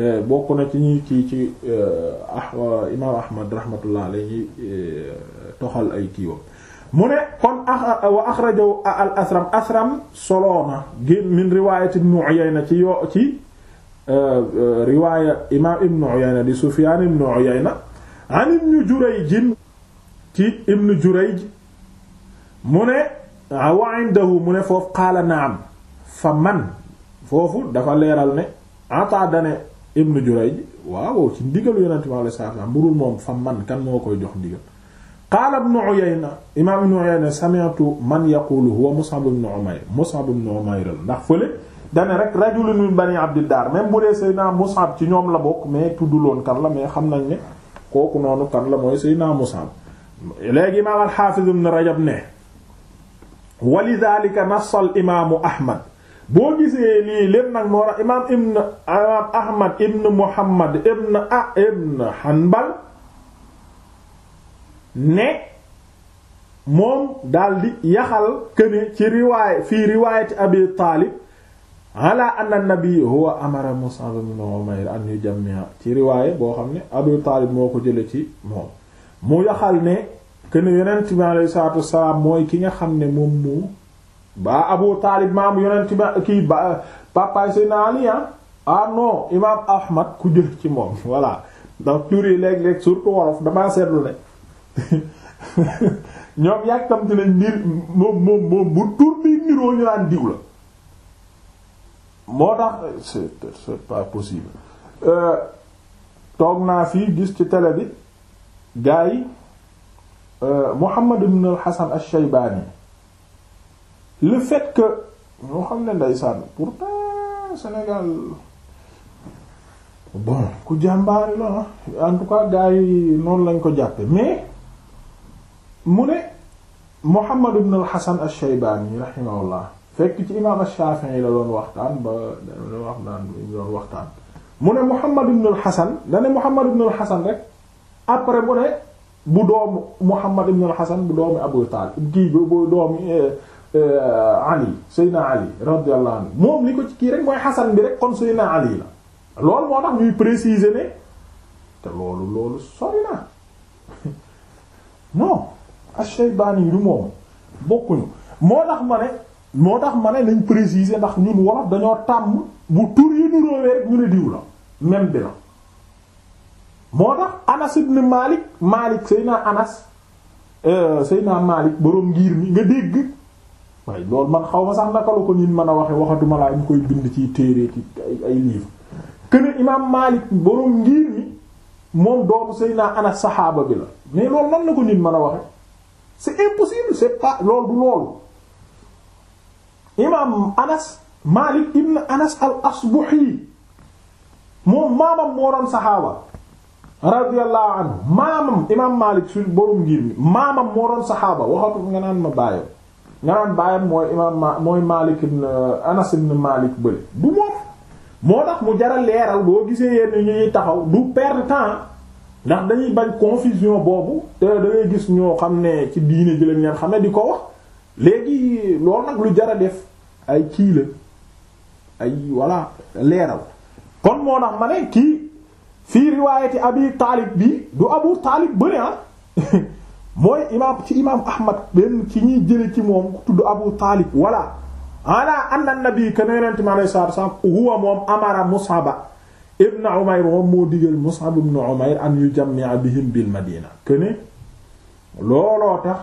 Euh, bokk na ci ñuy kii ci euh, ah euh, imaam ahmad rahmatullah alayhi toxal ay kiiwam mu ne kon wa axrajahu al asram asram soloona gén min riwayat ibn uyayna ci yo ci riwaya imam ibn uyayna di sufyan ibn uyayna an ibn jurayj ci ibn jurayj mu ne ah, wa indahu mu ne foofu qaala naam fa man foofu dafa leeral ne ata dane ibnu Jurayj waaw ci ndigalu yonent bi alayhi salaatu wa moom fa man kan moo koy jox ndigal qaala ibnu Uyayna imaam ibnu Uyayna sami'tu man yaqulu huwa Mus'ab ibn Umayr Mus'ab ibn Umayr ndax fële dane rek rajulun min bani Abdid Dar même bu dee Seydina Mus'ab ci ñoom la bokk mais tudduloon kan la mais xam nañ ne kooku noonu kan la mooy Seydina Mus'ab léegi imaam al-Hafiz Rajab ne wa lidhalika nassa al-imaamu Ahmad boo gisee lii leen nag moo tax imaam ibn imaam ahmad ibn muhammad ibn a ibn hanbal ne moom daldi yaxal këne ci riwaay fii riwaayati abi taalib ala anna nabi huwa amara mus'ab ibn umayr an yujammi'a ci riwaaye boo xam ne abi taalib moo ko jële ci moom mu yaxal ne këne yonent bi alayhi salaatu wassalaam mooy ki nga xam ne moom mu ba Abu Taalib maamu yonent ba kii ba papa Seydina Ali ah. ah non imaam Ahmad ku jël ci moom voilà ndax tur yi léeg-léeg surtout wolof damaa seetlu ne ñoom yàkkamti nañ nir moom moom bu tur bi niroo ñu naan diw la moo tax c'est pas possible euh, toog naa fii gis ci télé bi gars yi euh, Muhammad ibn al-Hasan al-Shaybani le fait que ñoo xam ne ndeysaan pourtant Sénégal bon ku jàmbaari la en tout cas gars yi lañ ko jàppe mais mu ne Muhammad ibn al-Hasan al-Shaybani rahimahullah fekk ci imaam al yi la doon waxtaan ba doon wax daan doon waxtaan mu ne Muhammad ibn al-Hasan dane Muhammad ibn al rek après mu ne bu doomu Muhammad ibn al bu doomi Abu Talib kii bu doomi eh, Euh, Ali Seydina Ali radiyallahu anhu moom li ko ci kii rek mooy Xasan bi rek kon Seydina Ali la lool moo tax ñuy préciser ne te loolu loolu sori na non Ash-Shaybani yi du moom bokkuñu moo tax ma ne moo tax ma ne nañ préciser ndax ñun wolof dañoo tàmm bu tur yi ñu rek ñu ne diw la même bi la moo tax Anas ibn Malik Malik Seydina Anas euh, Seydina Malik boroom ngir mi nga dégg waaye loolu man xaw ma sax naka la ko ñun mën a waxe waxatuma laa ñu koy bind ci téere ci ay livre këne imaam Maalik boroom ngir mi moom doomu Seydina Anas saxaaba bi la mais loolu nan la ko nit mën a waxe c'est impossible c'est pas loolu du loolu imaam Anas Maalik ibn Anas al-Asbahi moom maamam moo doon saxaaba radiyallahu anhu maamam imaam Maalik su boroom ngir mi maamam moo doon saxaaba waxatu nga naan ma bàyyi nga naan baayam mooy imaam ma mooy Malik ibn Anas ibn bële du moom moo tax mu jaral leeral boo gisee yenn ñuy taxaw du perdre temps ndax dañuy bañ confusion boobu te da gis ñoo xam ne ci diine ji lañ leen xam ne di ko wax léegi loolu nag lu jar a def ay kii la ay voilà leeral kon moo tax ma ne kii fii riwaayati Abi Taalib bi du Abu Taalib bëri ah mooy imaam ci imaam ahmad benn ci ñuy jële ci moom ku tudd abu taalib walla ala anna nabi que ne nent mi alei salatu wasalaam huwa moom amara mus'ab ibn umayr moom moo digal mus'ab ibn umayr an yujammi'a bihim bil madina que looloo tax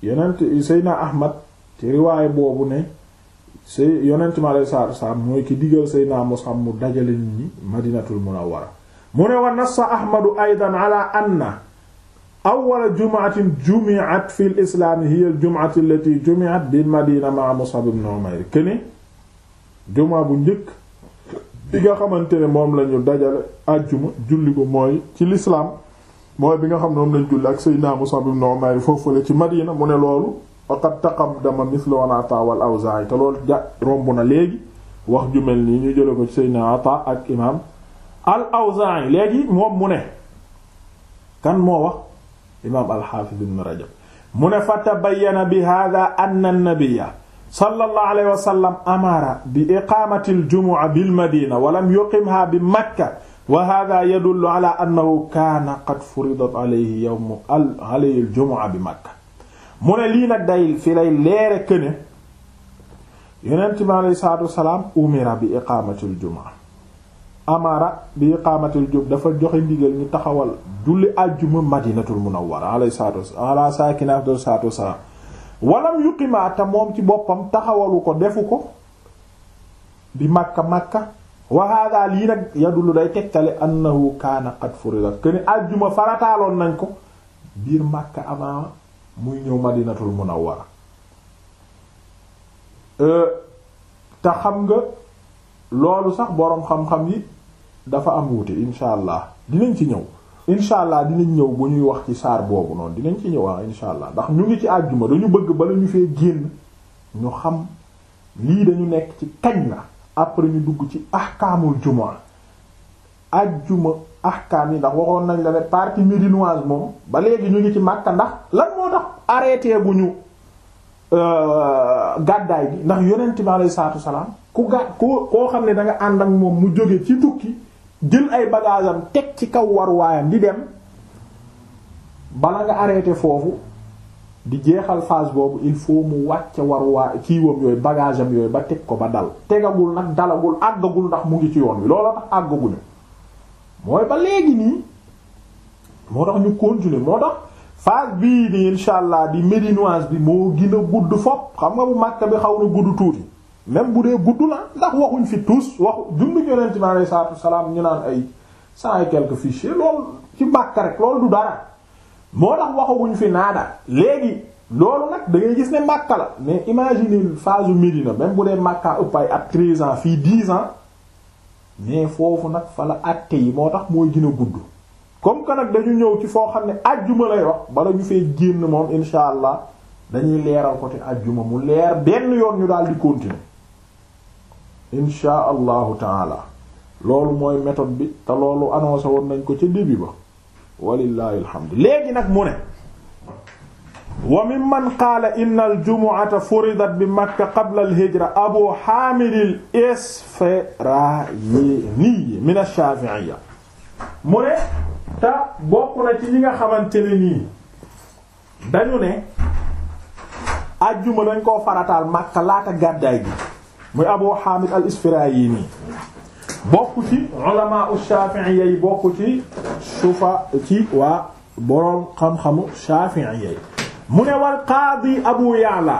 yonent seydna ahmad ci riwaay boobu ne sey yonent mi alei salatu wasalaam mooy ki digal seydna mus'ab mu dajale nit madinatul munawwara mu ne wa nassa ahmadu aydan ala anna awwala jumaatin jumiat fi l islaami al jumaat allati jumiat bi madina ma Mus'ab ibn Umayr kene jumaa bu njëkk bi nga xamante ne moom lañu dajale àjjuma julli ko mooy ci lislaam mooy bi nga xam ne moom lañ julli ak sayyidina Mus'ab ibn Umayr foofu la ci madina mu ne loolu faqad taqaddama mithlu an Ata wal Awzaa'i te loolu ja romb na léegi wax ju mel nii ñu jële ko ci sayyidina Ata ak imam al Awzaa'i léegi moom mu ne kan moo wax imaam alxaafid ibn rajab mu ne fa tabayyana bi hada anna nabiyya sallallahu alayhi wa sallam amara bi iqaamati aljumuca bilmadina wa lam yuqimha bi makka wa hada yadullu ala annahu kaana qad furidat alayhi yawmu alayhi aljumuca bi makka mu ne lii nag day fi lay leere këne yonent bi alayhi salaatu wa salaam umira bi iqaamati aljumuca amara bi iqaamatil jub dafa joxe ndigal ñu taxawal julli àjjuma madinatul munawwara alayhi salaatu wassalaam ala saakina afdal salaatu wassalaam walam yuqimaata moom ci boppam taxawalu ko defu ko bi makka makka wa hada lii nag yadullu day tegtale annahu kaana qad furida kueni àjjuma farataaloon nañ ko biir makka avant muy ñëw madinatul munawwara euh, te xam nga loolu sax boroom xam-xam yi dafa am wuute incha allah dinañ ci ñëw incha allah dinañ ñëw bu ñuy wax ci saar boobu noonu dinañ ci ñëw ah incha allah ndax ñu ngi ci àjjuma dañu bëgg bala ñu fee génn ñu xam lii dañu nekk ci kañ la après ñu dugg ci ahkaamul jumaa àjjuma ahkaam yi ndax waxoon nañ la ne partie médinoise moom ba léegi ñu ngi ci Makka ndax lan moo tax arrêté bu ñu euh, gàddaay bi ndax yonent bi alayhi salaatu salaam ku gàd ko koo xam ne da nga ànd ak moom mu jóge ci tukki. jël ay bagages teg ci kaw waruwaayam di dem bala nga arrêté foofu di jeexal phase boobu il faut mu wàcce waruwaay kiiwam yooyu bagage am yooyu ba teg ko ba dal tegagul nag dalagul àggagul ndax mu ngi ci yoon wi loola tax àggaguñu mooy ba léegi nii moo tax ñu continuer moo tax phase bii nii incha allah di médinoise bi moo gën a gudd fopp xam nga bu Makka bi xaw na gudd tuuti. même bu dee gudd la ndax waxuñ fi tous waxu dundu yonent bi alayhi salaatu wasalaam ñu naan ay cent et quelques fichiers loolu ci Makka rek loolu du dara moo tax waxuñ fi naada léegi loolu nag da ngay gis ne Makka la mais imagine phase Médina même bu dee màkka ëpp ay at treize ans fii dix ans mais foofu nag fa la atte yi moo tax mooy gën a gudd comme que nag dañu ñëw ci foo xam ne ajjuma lay wax bala ñu fee génn moom insha allah dañuy leeral ko te ajjuma mu leer benn yoon ñu daal di continuer insha allahu taala loolu mooy méthode bi te loolu annoncé woon nañ ko ci début ba walillahi alhamdu léegi nag mu ne wa mimman qaala inna aljumuata furidat bi makka qabla alhijra abu hamid al min ash-shafi'iyya mu ne te bokk na ci ñi nga xamante ne nii dañu ne ajjuma dañ ko farataal makka laata gàddaay gi muy Abu Hamid al-Isfirayini bokk ci ulama ash-Shafi'i Abu Ya'la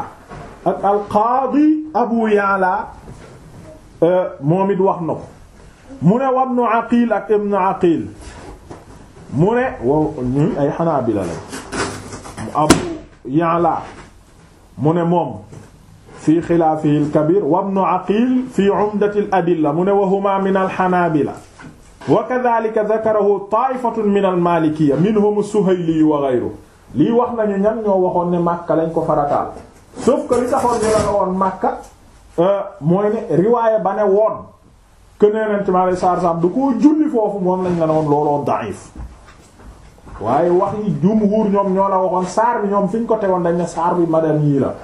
ak al qaadi Abu Ya'la e, moom it wax na ko mu ne wa ibnu Aqil ak Aqil mu ay Hanabila Abu Ya'la mu ne fi xilaafihi al-kabir fi umdati al-adilla mu ne wa huma min al-hanabila wa kadhalika dhakarahu ta'ifatun min al-malikiyya minhum as-suhayli wa ghayruhu lii wax nañu ñan ñoo waxoon ne Makka lañ ko farataal sauf que li taxoon ñu la woon Makka euh, riwaaya ba ne woon que nee nañ saar saam du ko julli foofu moom lañ la woon looloo da'if waaye wax yi jumhuur ñoom ñoo la waxoon saar bi ñoom fi ñu ko tegoon dañ ne saar bi madame yii la.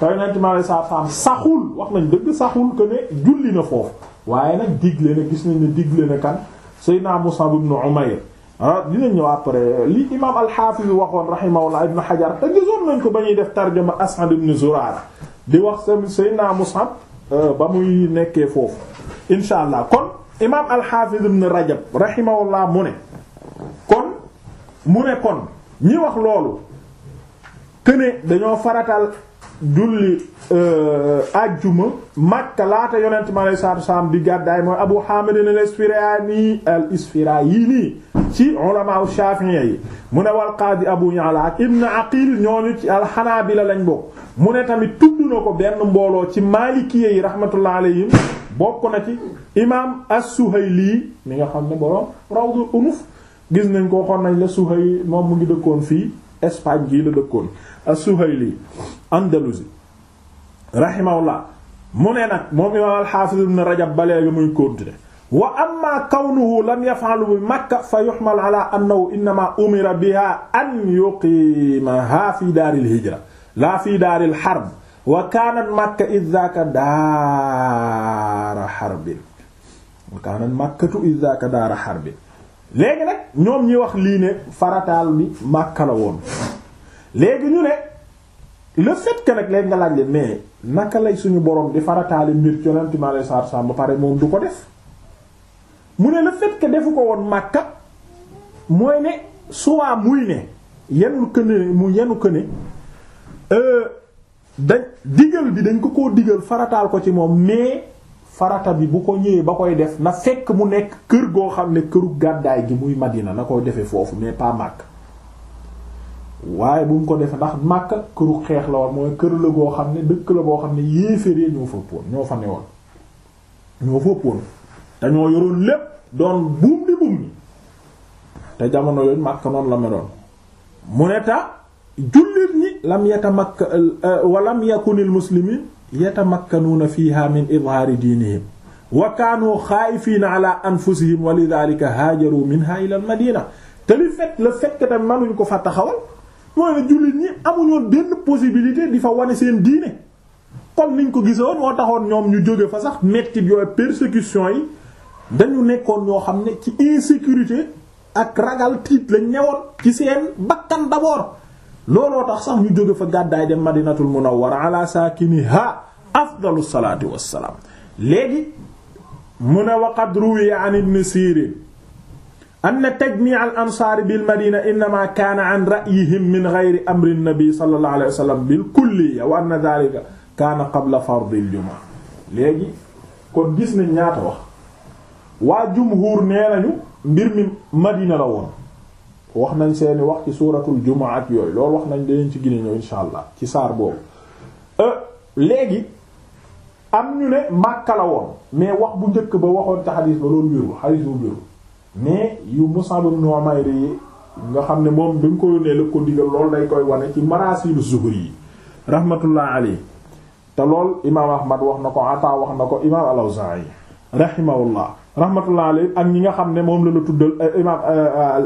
taw yonent mi alayhi salaatu salaam saxul wax nañ dëgg saxul que ne julli na foofu waaye nag digle na gis nañ ne digle na kan Seydina Mus'ab ibn Umayr ah dinañ ñëw après li imaam al-Hafiz waxoon rahimahullah ibn Hajar te gisoon nañ ko ba ñuy def tarjuma As'ad ibn Zurara di wax seen Seydina Mus'ab euh, ba muy nekkee foofu insha allah kon imaam al-Hafiz ibn Rajab rahimahullah mu ne kon mu ne kon ñi wax loolu que dañoo faratal. julli euh, ajjuma Makka laata yonent mi alayhi salaatu salaam di gàddaay mooy Abu Hamid al-Isfirayini al-Isfirayini ci ulama yi mu ne wal qaadi Abu Ya'la ak Ibn Aqil ñooñu ci al-Hanabila lañ bokk mu ne tamit tudd na ko benn mbooloo ci Maalikiyya yi rahmatullah alayhim bokk na ci imaam as-Suhayli mi nga xam ne borom Rawdul Unuf gis nañ ko xoon nañ la Suhayli moom mu ngi dëkkoon fii. Espagne gii la dëkkoon as-Suhayli Andalusi rahimahullah mu ne nag moom imaam al-Hafiz ibn Rajab balee bi muy continuer wa amma kawnuhu lam yaf'alu bi Makka fa yuhmal ala annahu innama umira biha an yuqimaha fi daaril hijra la fi daaril harb wa kaanat Makka idhaaka daara harbin wa kaanat Makkatu idhaaka daara harbin léegi nag ñoom ñi wax lii ne farataal bi màkk la woon léegi ñu ne le fait que nag léegi nga laaj leen mais naka lay suñu borom di farataale mbir yonent mi alayhi salaatu salaam ba pare moom du ko def mu ne le fait defu ko woon Makka mooy ne soit muy ne yenu këne mu yenu këne euh, dañ digal bi dañ ko koo digal farataal ko ci moom mais farata bi bu ko ñëwee ba koy def na fekk mu nekk kër goo xam ne këru gàddaay gi muy Madina na koy defee foofu mais pas Makka waaye bu mu ko defee ndax Makka këru xeex la woon mooy kër la goo xam ne dëkk la boo xam ne yéeféree ñoo fa ëppoon ñoo fa newoon ñoo fa ëppoon dañoo yoroon lépp doon buum di buum ni te jamono yooyu Makka noonu la meloon mu ne ta jullit ñi lam yata Makka euh, euh, walam yatamakkanuuna fiha min idhaari diinihim wa kaanu xaayifiina ala anfusihim wa lidaalika haajaru minha ila al madina te li fait la fait que tamit mënuñ ko fa taxawal mooy ne jullit ñi amuñoon benn possibilité di fa wane seen diine comme niñ ko gisoon moo taxoon ñoom ñu jóge fa sax mettit yooyu persécution yi dañu nekkoon ñoo xam ne ci insécurité ak ragal tiit lañ newoon ci seen bakkan d'abord looloo tax sax ñu jóge fa gàddaay dem madinatul munawwara ala saakiniha afdalu salaati wassalaam léegi mu ne wa qad ruwiya an ibn sirin anna tajmii al ansaar bil madina innama kaana an ra'yihim min ghayri amri nabi sallallahu alayhi wa sallam bil kulliya wa anna dhalika kaana qabla fardil jumaa léegi kon gis nañ ñaata wax waa jumhuur nee nañu mbir mi madina la woon wax nañ seeni wax ci suuratul jumaa ak yooyu loolu wax nañ danañ ci gine ñëw insha allah ci saar boobu euh, léegi am ñu ne Makka la woon mais wax bu njëkk ba waxoon ci xadiis ba loolu wérul xadiis bu wérul mais yu Musab ibn Umayr yi nga xam ne moom bi mu ko yónnee la ko digal loolu day koy wane ci maraasilu Zuhri yi rahmatullah alayhi te lool imaam Ahmad wax na ko Ataa wax na ko imaam al-Awzaa'i rahimahullah rahmatullah alayhi ak ñi nga xam ne moom la la tuddal eh, imaam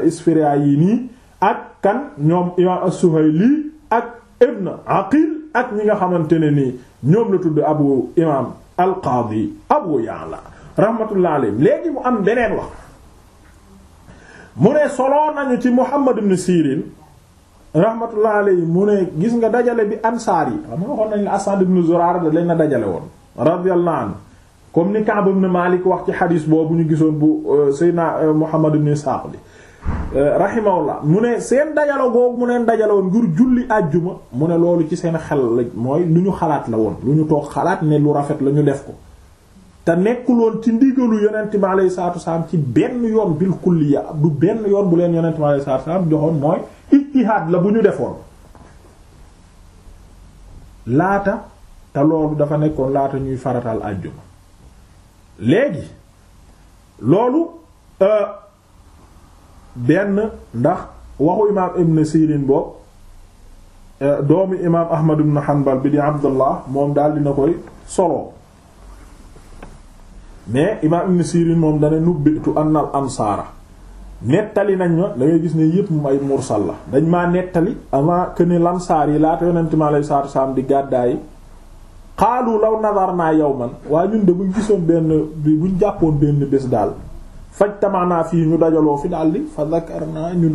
eh, eh, al nii ak kan ñoom imaam as-Suhayli ak ibn Aqil ak ñi nga xamante ne nii ñoom la tudd abu imaam al-Qadi Abu Ya'la rahmatullah alayhi léegi mu am beneen wax mu ne solo nañu ci Muhammad ibn Sirin rahmatullah alayhi mu ne gis nga dajale bi ansaar yi xam nga waxoon nañ la Asad ibn Zurara lañ la dajale woon radiyallahu anhu comme ni Ka'b ibn Malik wax ci xadis boobu ñu gisoon bu euh, seyna euh, Muhammad ibn Isaaq bi euh, rahimahullah mu ne seen dajalo googu mu neen dajaloon ngir julli àjjuma mu ne loolu ci seen xel la mooy lu ñu xalaat la woon lu ñu toog xalaat ne lu rafet la ñu def ko te nekkuloon ci ndigalu yonent bi alayhi salaatu wasalaam ci benn yoon bil kulliya du benn yoon bu leen yonent bi alayhi salaatu wasalaam joxoon mooy ijtihaad la bu ñu defoon laata te loolu dafa nekkoon laata ñuy faratal àjjuma léegi loolu euh, benn ndax waxu imaam ibn Sirin boobu euh, doomu imaam Ahmad ibn Hanbal bi di Abdullah moom daal dina koy soloo mais imaam ibn Sirin moom dana nubbitu annal ansaara nettali nañ ma da gis ne yépp mu ay mursal la dañ maa nettali avant que ne lansaar yi laata yonente mi lay salatu salaam di gàddaay xaalu law nadarnaa man waaye ñun de buñ gisoon benn bi buñ jàppoon benn bés daal faj tamaanaa fii ñu dajaloo fi daal di fa zakarnaa ñu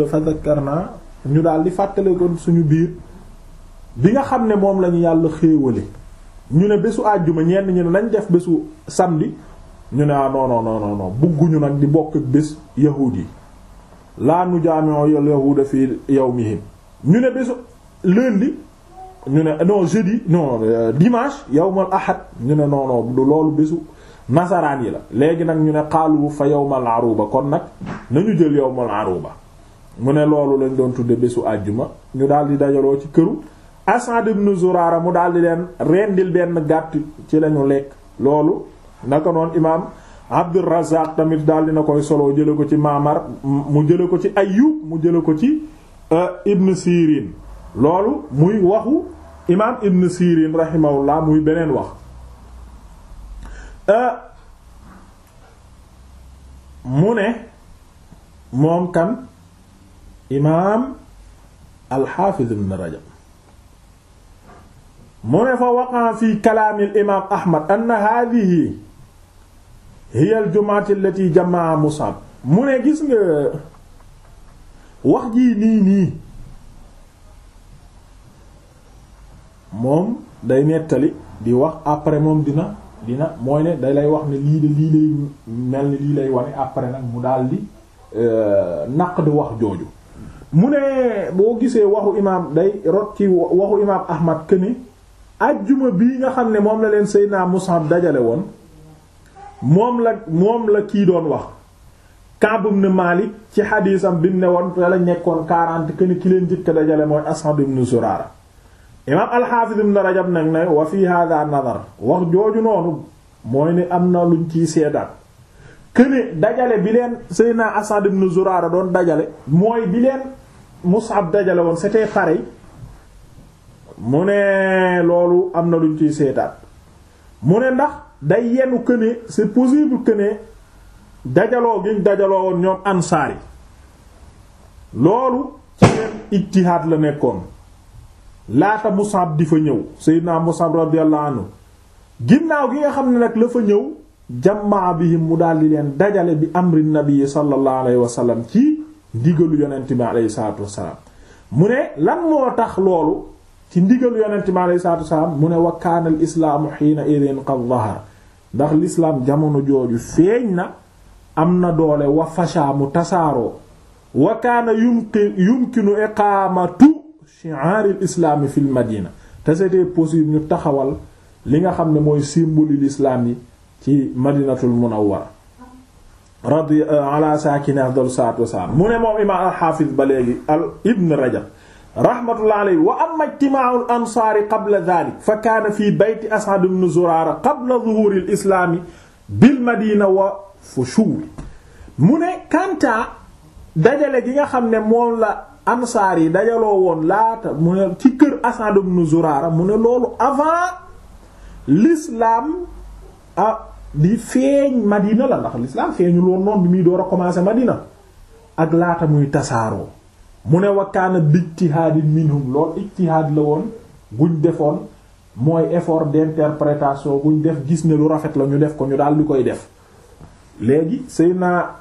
ñu daal di ko suñu biir bi nga xam ne moom lañu yàlla xéewale ñu ne bésu àjjuma ñenn ñu ne nañ def bésu samedi ñu ne ah non non bugguñu nag di bokk bés yahuud yi laa nu jaami'u yahuuda fii yawmihim ñu ne bésu lundi ñu ne non jeudi non euh, dimanche yawmal ahad ñu ne non du loolu bésu nasaraan yi la léegi nag ñu ne xaalu fa yawmal aruba kon nag nañu jël yawmal aruba mu ne loolu lañ doon tudde bésu àjjuma ñu daal di dajaloo ci këru Asad ibn Zurara mu daal di leen rendil benn gàtt ci lañu lekk loolu naka noon imaam Abdur Razzaq tamit daal di na koy solo jële ko ci Maamar mu jële ko ci Ayyub mu jële ko ci euh, Ibn Sirin loolu muy waxu imaam ibn Sirin rahimahullah muy beneen wax euh, mu ne moom kan imaam alxaafiz ibn Rajab mu ne fa waqa fi kalaami imaam Ahmad anna haadihi hiya al-jumu'ati allati jamaa Mus'ab mu ne gis nga wax jii nii nii moom day nettali di wax après moom dina dina mooy ne day lay wax ne lii de lay mel ni lii lay wane après nag mu daal di euh, naq du wax jooju mu ne boo gisee waxu imaam day rot ci waxu imaam ahmad këne ajjuma bi nga xam ne moom la leen Seydina Mus'ab dajale woon moom la moom la kii doon wax Ka'b ibn Malik ci xadiisam bi mu ne woon la nekkoon 40 këne ki leen jëkk dajale mooy As'ad ibn Zurara imaam alxaafis ibn rajab nag ne wa fi hada nadar wax jooju noonu mooy ne am na luñ ciy seedaat këne dajale bi leen Seydina Asad ibn a doon dajale mooy bi leen Mus'ab dajale woon c'était pareil mu ne loolu am na luñ ciy seetaat mu ne ndax day yenu que ne c'est possible que ne dajaloo giñ dajaloo woon ñoom ansaar loolu ci leen ijtihaad la nekkoon laata Musab di fa ñëw Seydina Musab radiyallahu anhu ginnaaw gi nga xam ne nag la fa ñëw jamaa bihim mu daal di leen dajale bi amri nabi sallallahu alayhi wa sallam ci ndigalu yonent bi alayhi salaatu wasalaam mu ne moo tax loolu ci ndigalu yonent bi alayhi salaatu wasalaam mu ne wa islaamu xiina idin qad zahara ndax lislaam jamono jooju feeñ na am na doole wa fasha mu tasaaroo wa kaana yumkinu iqaamatu shi'aaril islaami fil madina te c'était possible ñu taxawal li nga xam ne mooy symbole l'islam yi ci madinatul munawwara radi euh, ala saakini afdal salaatu wasalaam mu ne moom imaam alxaafiz ba léegi al ibn rajab rahmatullah alayhi wa amma ijtimaa'u al ansaari qabla dhaalika fa kaana fii bayti as'ad ibn zuraara qabla dhuhuuri al islaami bil madina wa fushuwi mu ne kanta dajale gi nga xam ne moom la ansaar yi dajaloo woon laata mu ne ci kër Asad ibn Zurara mu ne loolu avant l'islam ah di feeñ Madina la ndax l'islam feeñu loon noonu bi muy door a Madina ak laata muy tasaaroo mu ne wakkaana bijtihaadin minhum loolu ijtihaad la woon guñ defoon mooy effort d'interprétation guñ def gis ne lu rafet la ñu def ko ñu daal di koy def léegi Seydina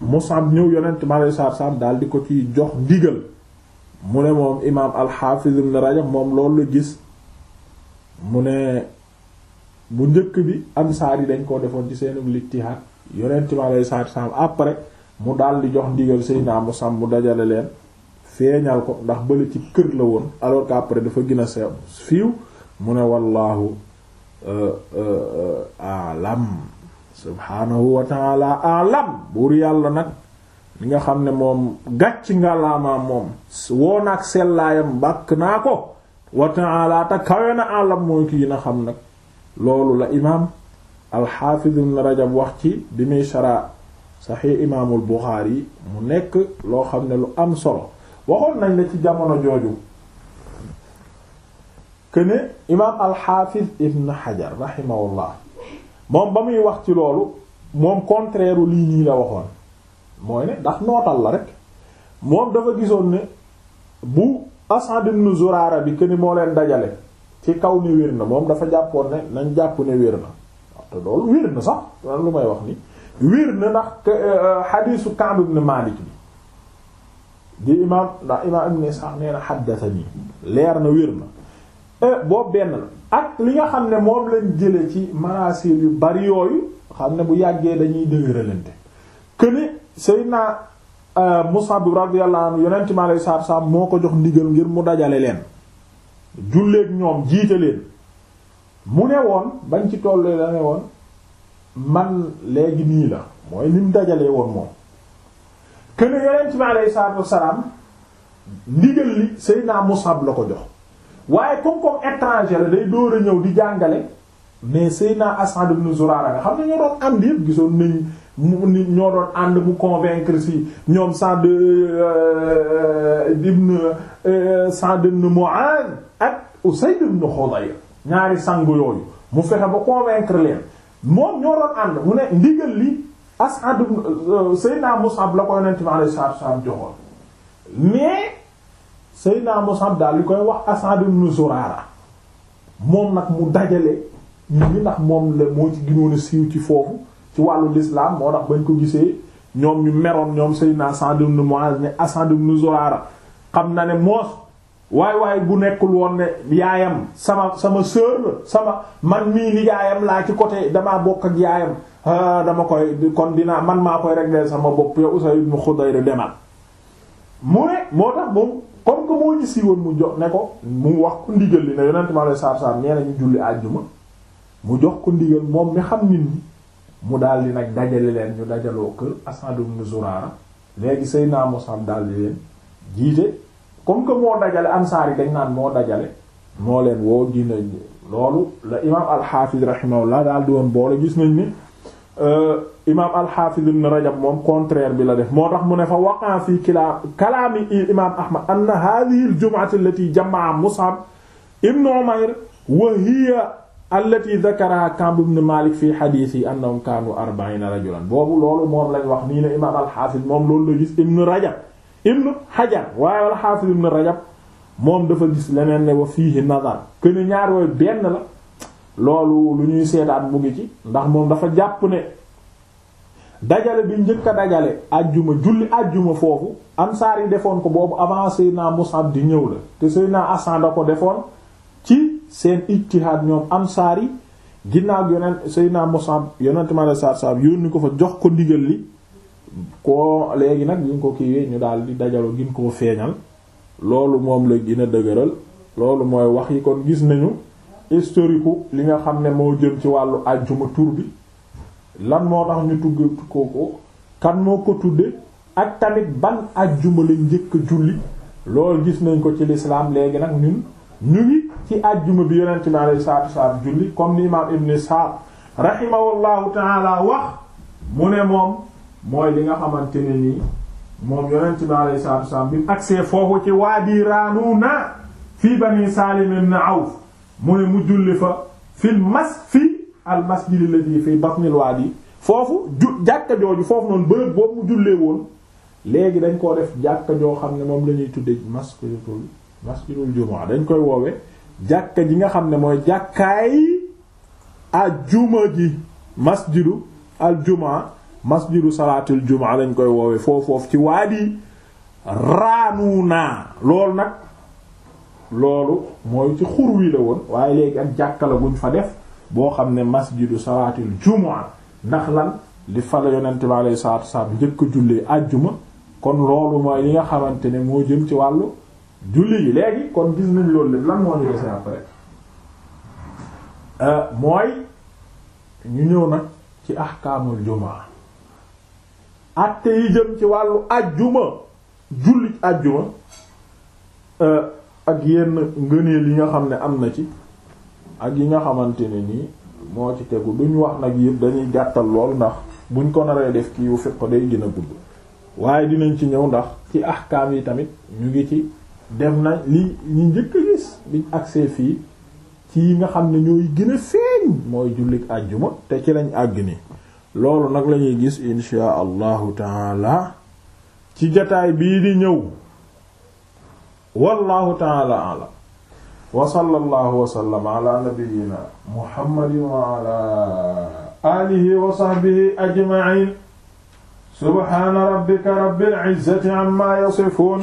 Mus'ab ñëw yonent ma lay saar daal di ko ci jox ndigal mu ne moom imaam alxaafiz ibn rajab moom loolu la gis mu ne bu njëkk bi ansaar yi dañ koo defoon ci seenum littihaad yonent mi alayhi salaatu wa salaam après mu daal di jox ndigal Seydina Musab mu dajale leen feeñal ko ndax bële ci kër la woon alors qu'après dafa gin a sew fiiw mu ne wallaahu euh, euh, euh, alam subhaanahu wa taala buur yàlla nag li nga xam ne moom gàcc ngalaama moom woo naag sellaayam mbàkk naa ko wa ta'ala kawe na alam mooy yi na xam nag loolu la imaam alxaafiz ibn rajab wax ci bi muy shara saxii imaamul buxaari mu nekk loo xam ne lu am solo waxoon nañ la ci jamono jooju këne imaam alxaafiz ibn xajar raximahullah moom ba muy wax ci loolu moom contraire lii nii la waxoon mooy ne ndax nootal la rek moom dafa gisoon ne bu Asad ibn bi que moo leen dajale ci kaw ni wér na moom dafa jàppoon ne nañ jàpp ne wér na waaw te loolu wér na sax lu may wax ni wér na ndax xadiisu euh, Ka'b ibn Malik bi di imaam ndax imaam ibn Ishaq nee na xaddasani leer na wér na eh, boobu benn la ak li nga xam ne moom lañ jële ci marasil yu bari yooyu xam ne bu yàggee dañuy dëgëralante këne Seydina euh, Musab radiyallahu anhu yonent mi alayhi salaatu salaam moo ko jox ndigal ngir mu dajale leen julleek ñoom jiite leen mu ne woon bañ ci tollee la ne woon man léegi nii la mooy lim dajalee woon moom kën a yonent mi alayhi salaatu wassalaam ndigal li Seydina Musab la ko jox waaye comme comme étranger la day door a ñëw di jàngale mais Seydina As'ad ibn Zurara nga xam ne ñoo doon am di yëpp gisoon nañ mu nit ñoo doon ànd mu convaincre si ñoom Sa'd euh, euh, ibn euh, Sa'd ibn Mu'adh ak Usayd ibn Khudayr ñaari sang yooyu mu fexe ba convaincre leen moom ñoo doon ànd mu ne ndigal li As'ad Seydina Mus'ab la ko yonent bi alayhi salaatu wasallam joxoon mais Seydina Mus'ab daal li koy wax As'ad ibn Zurara moom nag mu dajale ñu ngi ndax moom la moo ci gënoon siiw ci foofu ci wàllu l'islam moo tax bañ ko gisee ñoom ñu meroon ñoom Seydina Sa'd ibn Mu'az ne Asad ibn Zurara xam na ne moos waay waay bu nekkul woon ne yaayam sama sama sœur la sama man mii ni yaayam laa ci côté damaa bokk ak yaayam ah, dama koy kon dinaa man maa koy régler sama bopp yow Usayd ibn Khudayr demal mu ne moo tax moom comme que moo gis woon mu jox ne ko mu wax ko ndigal li ne yonent ma lay saar saar nee na julli àjjuma mu jox ko ndigal moom mi xam mu daal di nag dajale leen ñu dajaloo kër Asad ibn Zurara léegi naa Musab daal di leen jiite comme que moo dajale ansaar yi dañ naan moo dajale moo leen woo dina loolu la imaam al-Hafiz rahimahullah di woon boole gis nañ ni euh, imaam al-Hafiz ibn Rajab moom contraire bi la def moo tax mu ne fa waqaa fi kilaa kalaami imaam Ahmad anna hadhihi al-jum'ah jama'a Mus'ab ibn Umayr wa hiya allati zakaraha Ka'b ibn Malik fi xadiis yi annahum kaanu arbaina rajulan boobu loolu moom lañ wax nii ne imaam alxaafis moom loolu la gis ibn Rajab ibn Hajar waaye alxaafis ibn Rajab moom dafa gis leneen ne wa fiihi nazar kuene ñaar yooyu benn la loolu lu ñuy seetaan mu ngi ci ndax moom dafa jàpp ne dajale bi njëkk a dajale ajjuma julli ajjuma foofu ansaar yi defoon ko boobu avant Seydina Mus'ab di ñëw la te Seydina Asan da ko defoon ci seen ijtihaad ñoom ansaar yi ginnaaw yonent Seydina Musab yonent ma la saar saar yónni ko fa jox ko ndigal li koo léegi nag ñu ko kiiwee ñu daal di dajaloo gin koo feeñal loolu moom la gën a dëgëral loolu mooy wax yi kon gis nañu historique li nga xam ne moo jëm ci wàllu àjjuma tur bi lan moo tax ñu tugg ko kan moo ko tudde ak tamit ban àjjuma la njëkk a julli loolu gis nañ ko ci lislaam léegi nag ñun ñu ngi ci àjjuma bi yonent bi alayhi salaatu wasalaam julli comme ni imaam Ibn Ishaq rahimahullahu taala wax mu ne moom mooy li nga xamante ne nii moom yonent bi alayhi salaatu wasalaam bi mu agsee foofu ci waadi Raanuuna fii Bani Saalim ibn Awf mu ne mu julli fa fil mas fii al masjid alladhi fii batnil waadi foofu ju jàkka jooju foofu noonu bërëb boobu mu jullee woon léegi dañ koo def jàkka joo xam ne moom la ñuy tudde masjidul masjidul jumaa dañ koy woowe jàkka ji nga xam ne mooy jàkkaay ajjuma ji masjidu aljumaa masjidu salaatul juma lañ koy woowe foofu foofu ci waadi Raanuuna loolu nag loolu mooy ci xur la woon waaye léegi ak jàkka la buñ fa def boo xam ne masjidu salaatul jumaa ndax lan li fa la yonente bi alayhi salaatu wasalaam njëkk jullee ajjuma kon loolu mooy li nga xamante ne moo jëm ci wàllu julli yi léegi kon gis nañ loolu lépp lan moo ñu dese après euh, mooy ñu ñëw nag ci ahkaamul jumaa atte yi jëm ci wàllu ajjuma julli ajjuma euh, ak yenn ngëneel yi nga xam ne am na ci ak yi nga xamante ne nii moo ci tegu duñ wax nag yëpp dañuy gàttal lool ndax buñ ko naree def kii wu fiq ko day gën a gudd waaye dinañ ci ñëw ndax ci ahkaam yi tamit ñu ngi ci dem na li ñu njëkk a gis biñ agsee fii ci nga xam ne ñooy gën a feeñ mooy jullit àjjuma te ci lañ àgg ni loolu nag lañuy ñuy gis insha allahu taala ci jataay bii di ñëw wallahu taala alam wa sallallahu wa sallama ala nabiyyina muhammadin wa alihi wa sahbihi ajma'in subhana rabbika rabbil izzati amma yasifun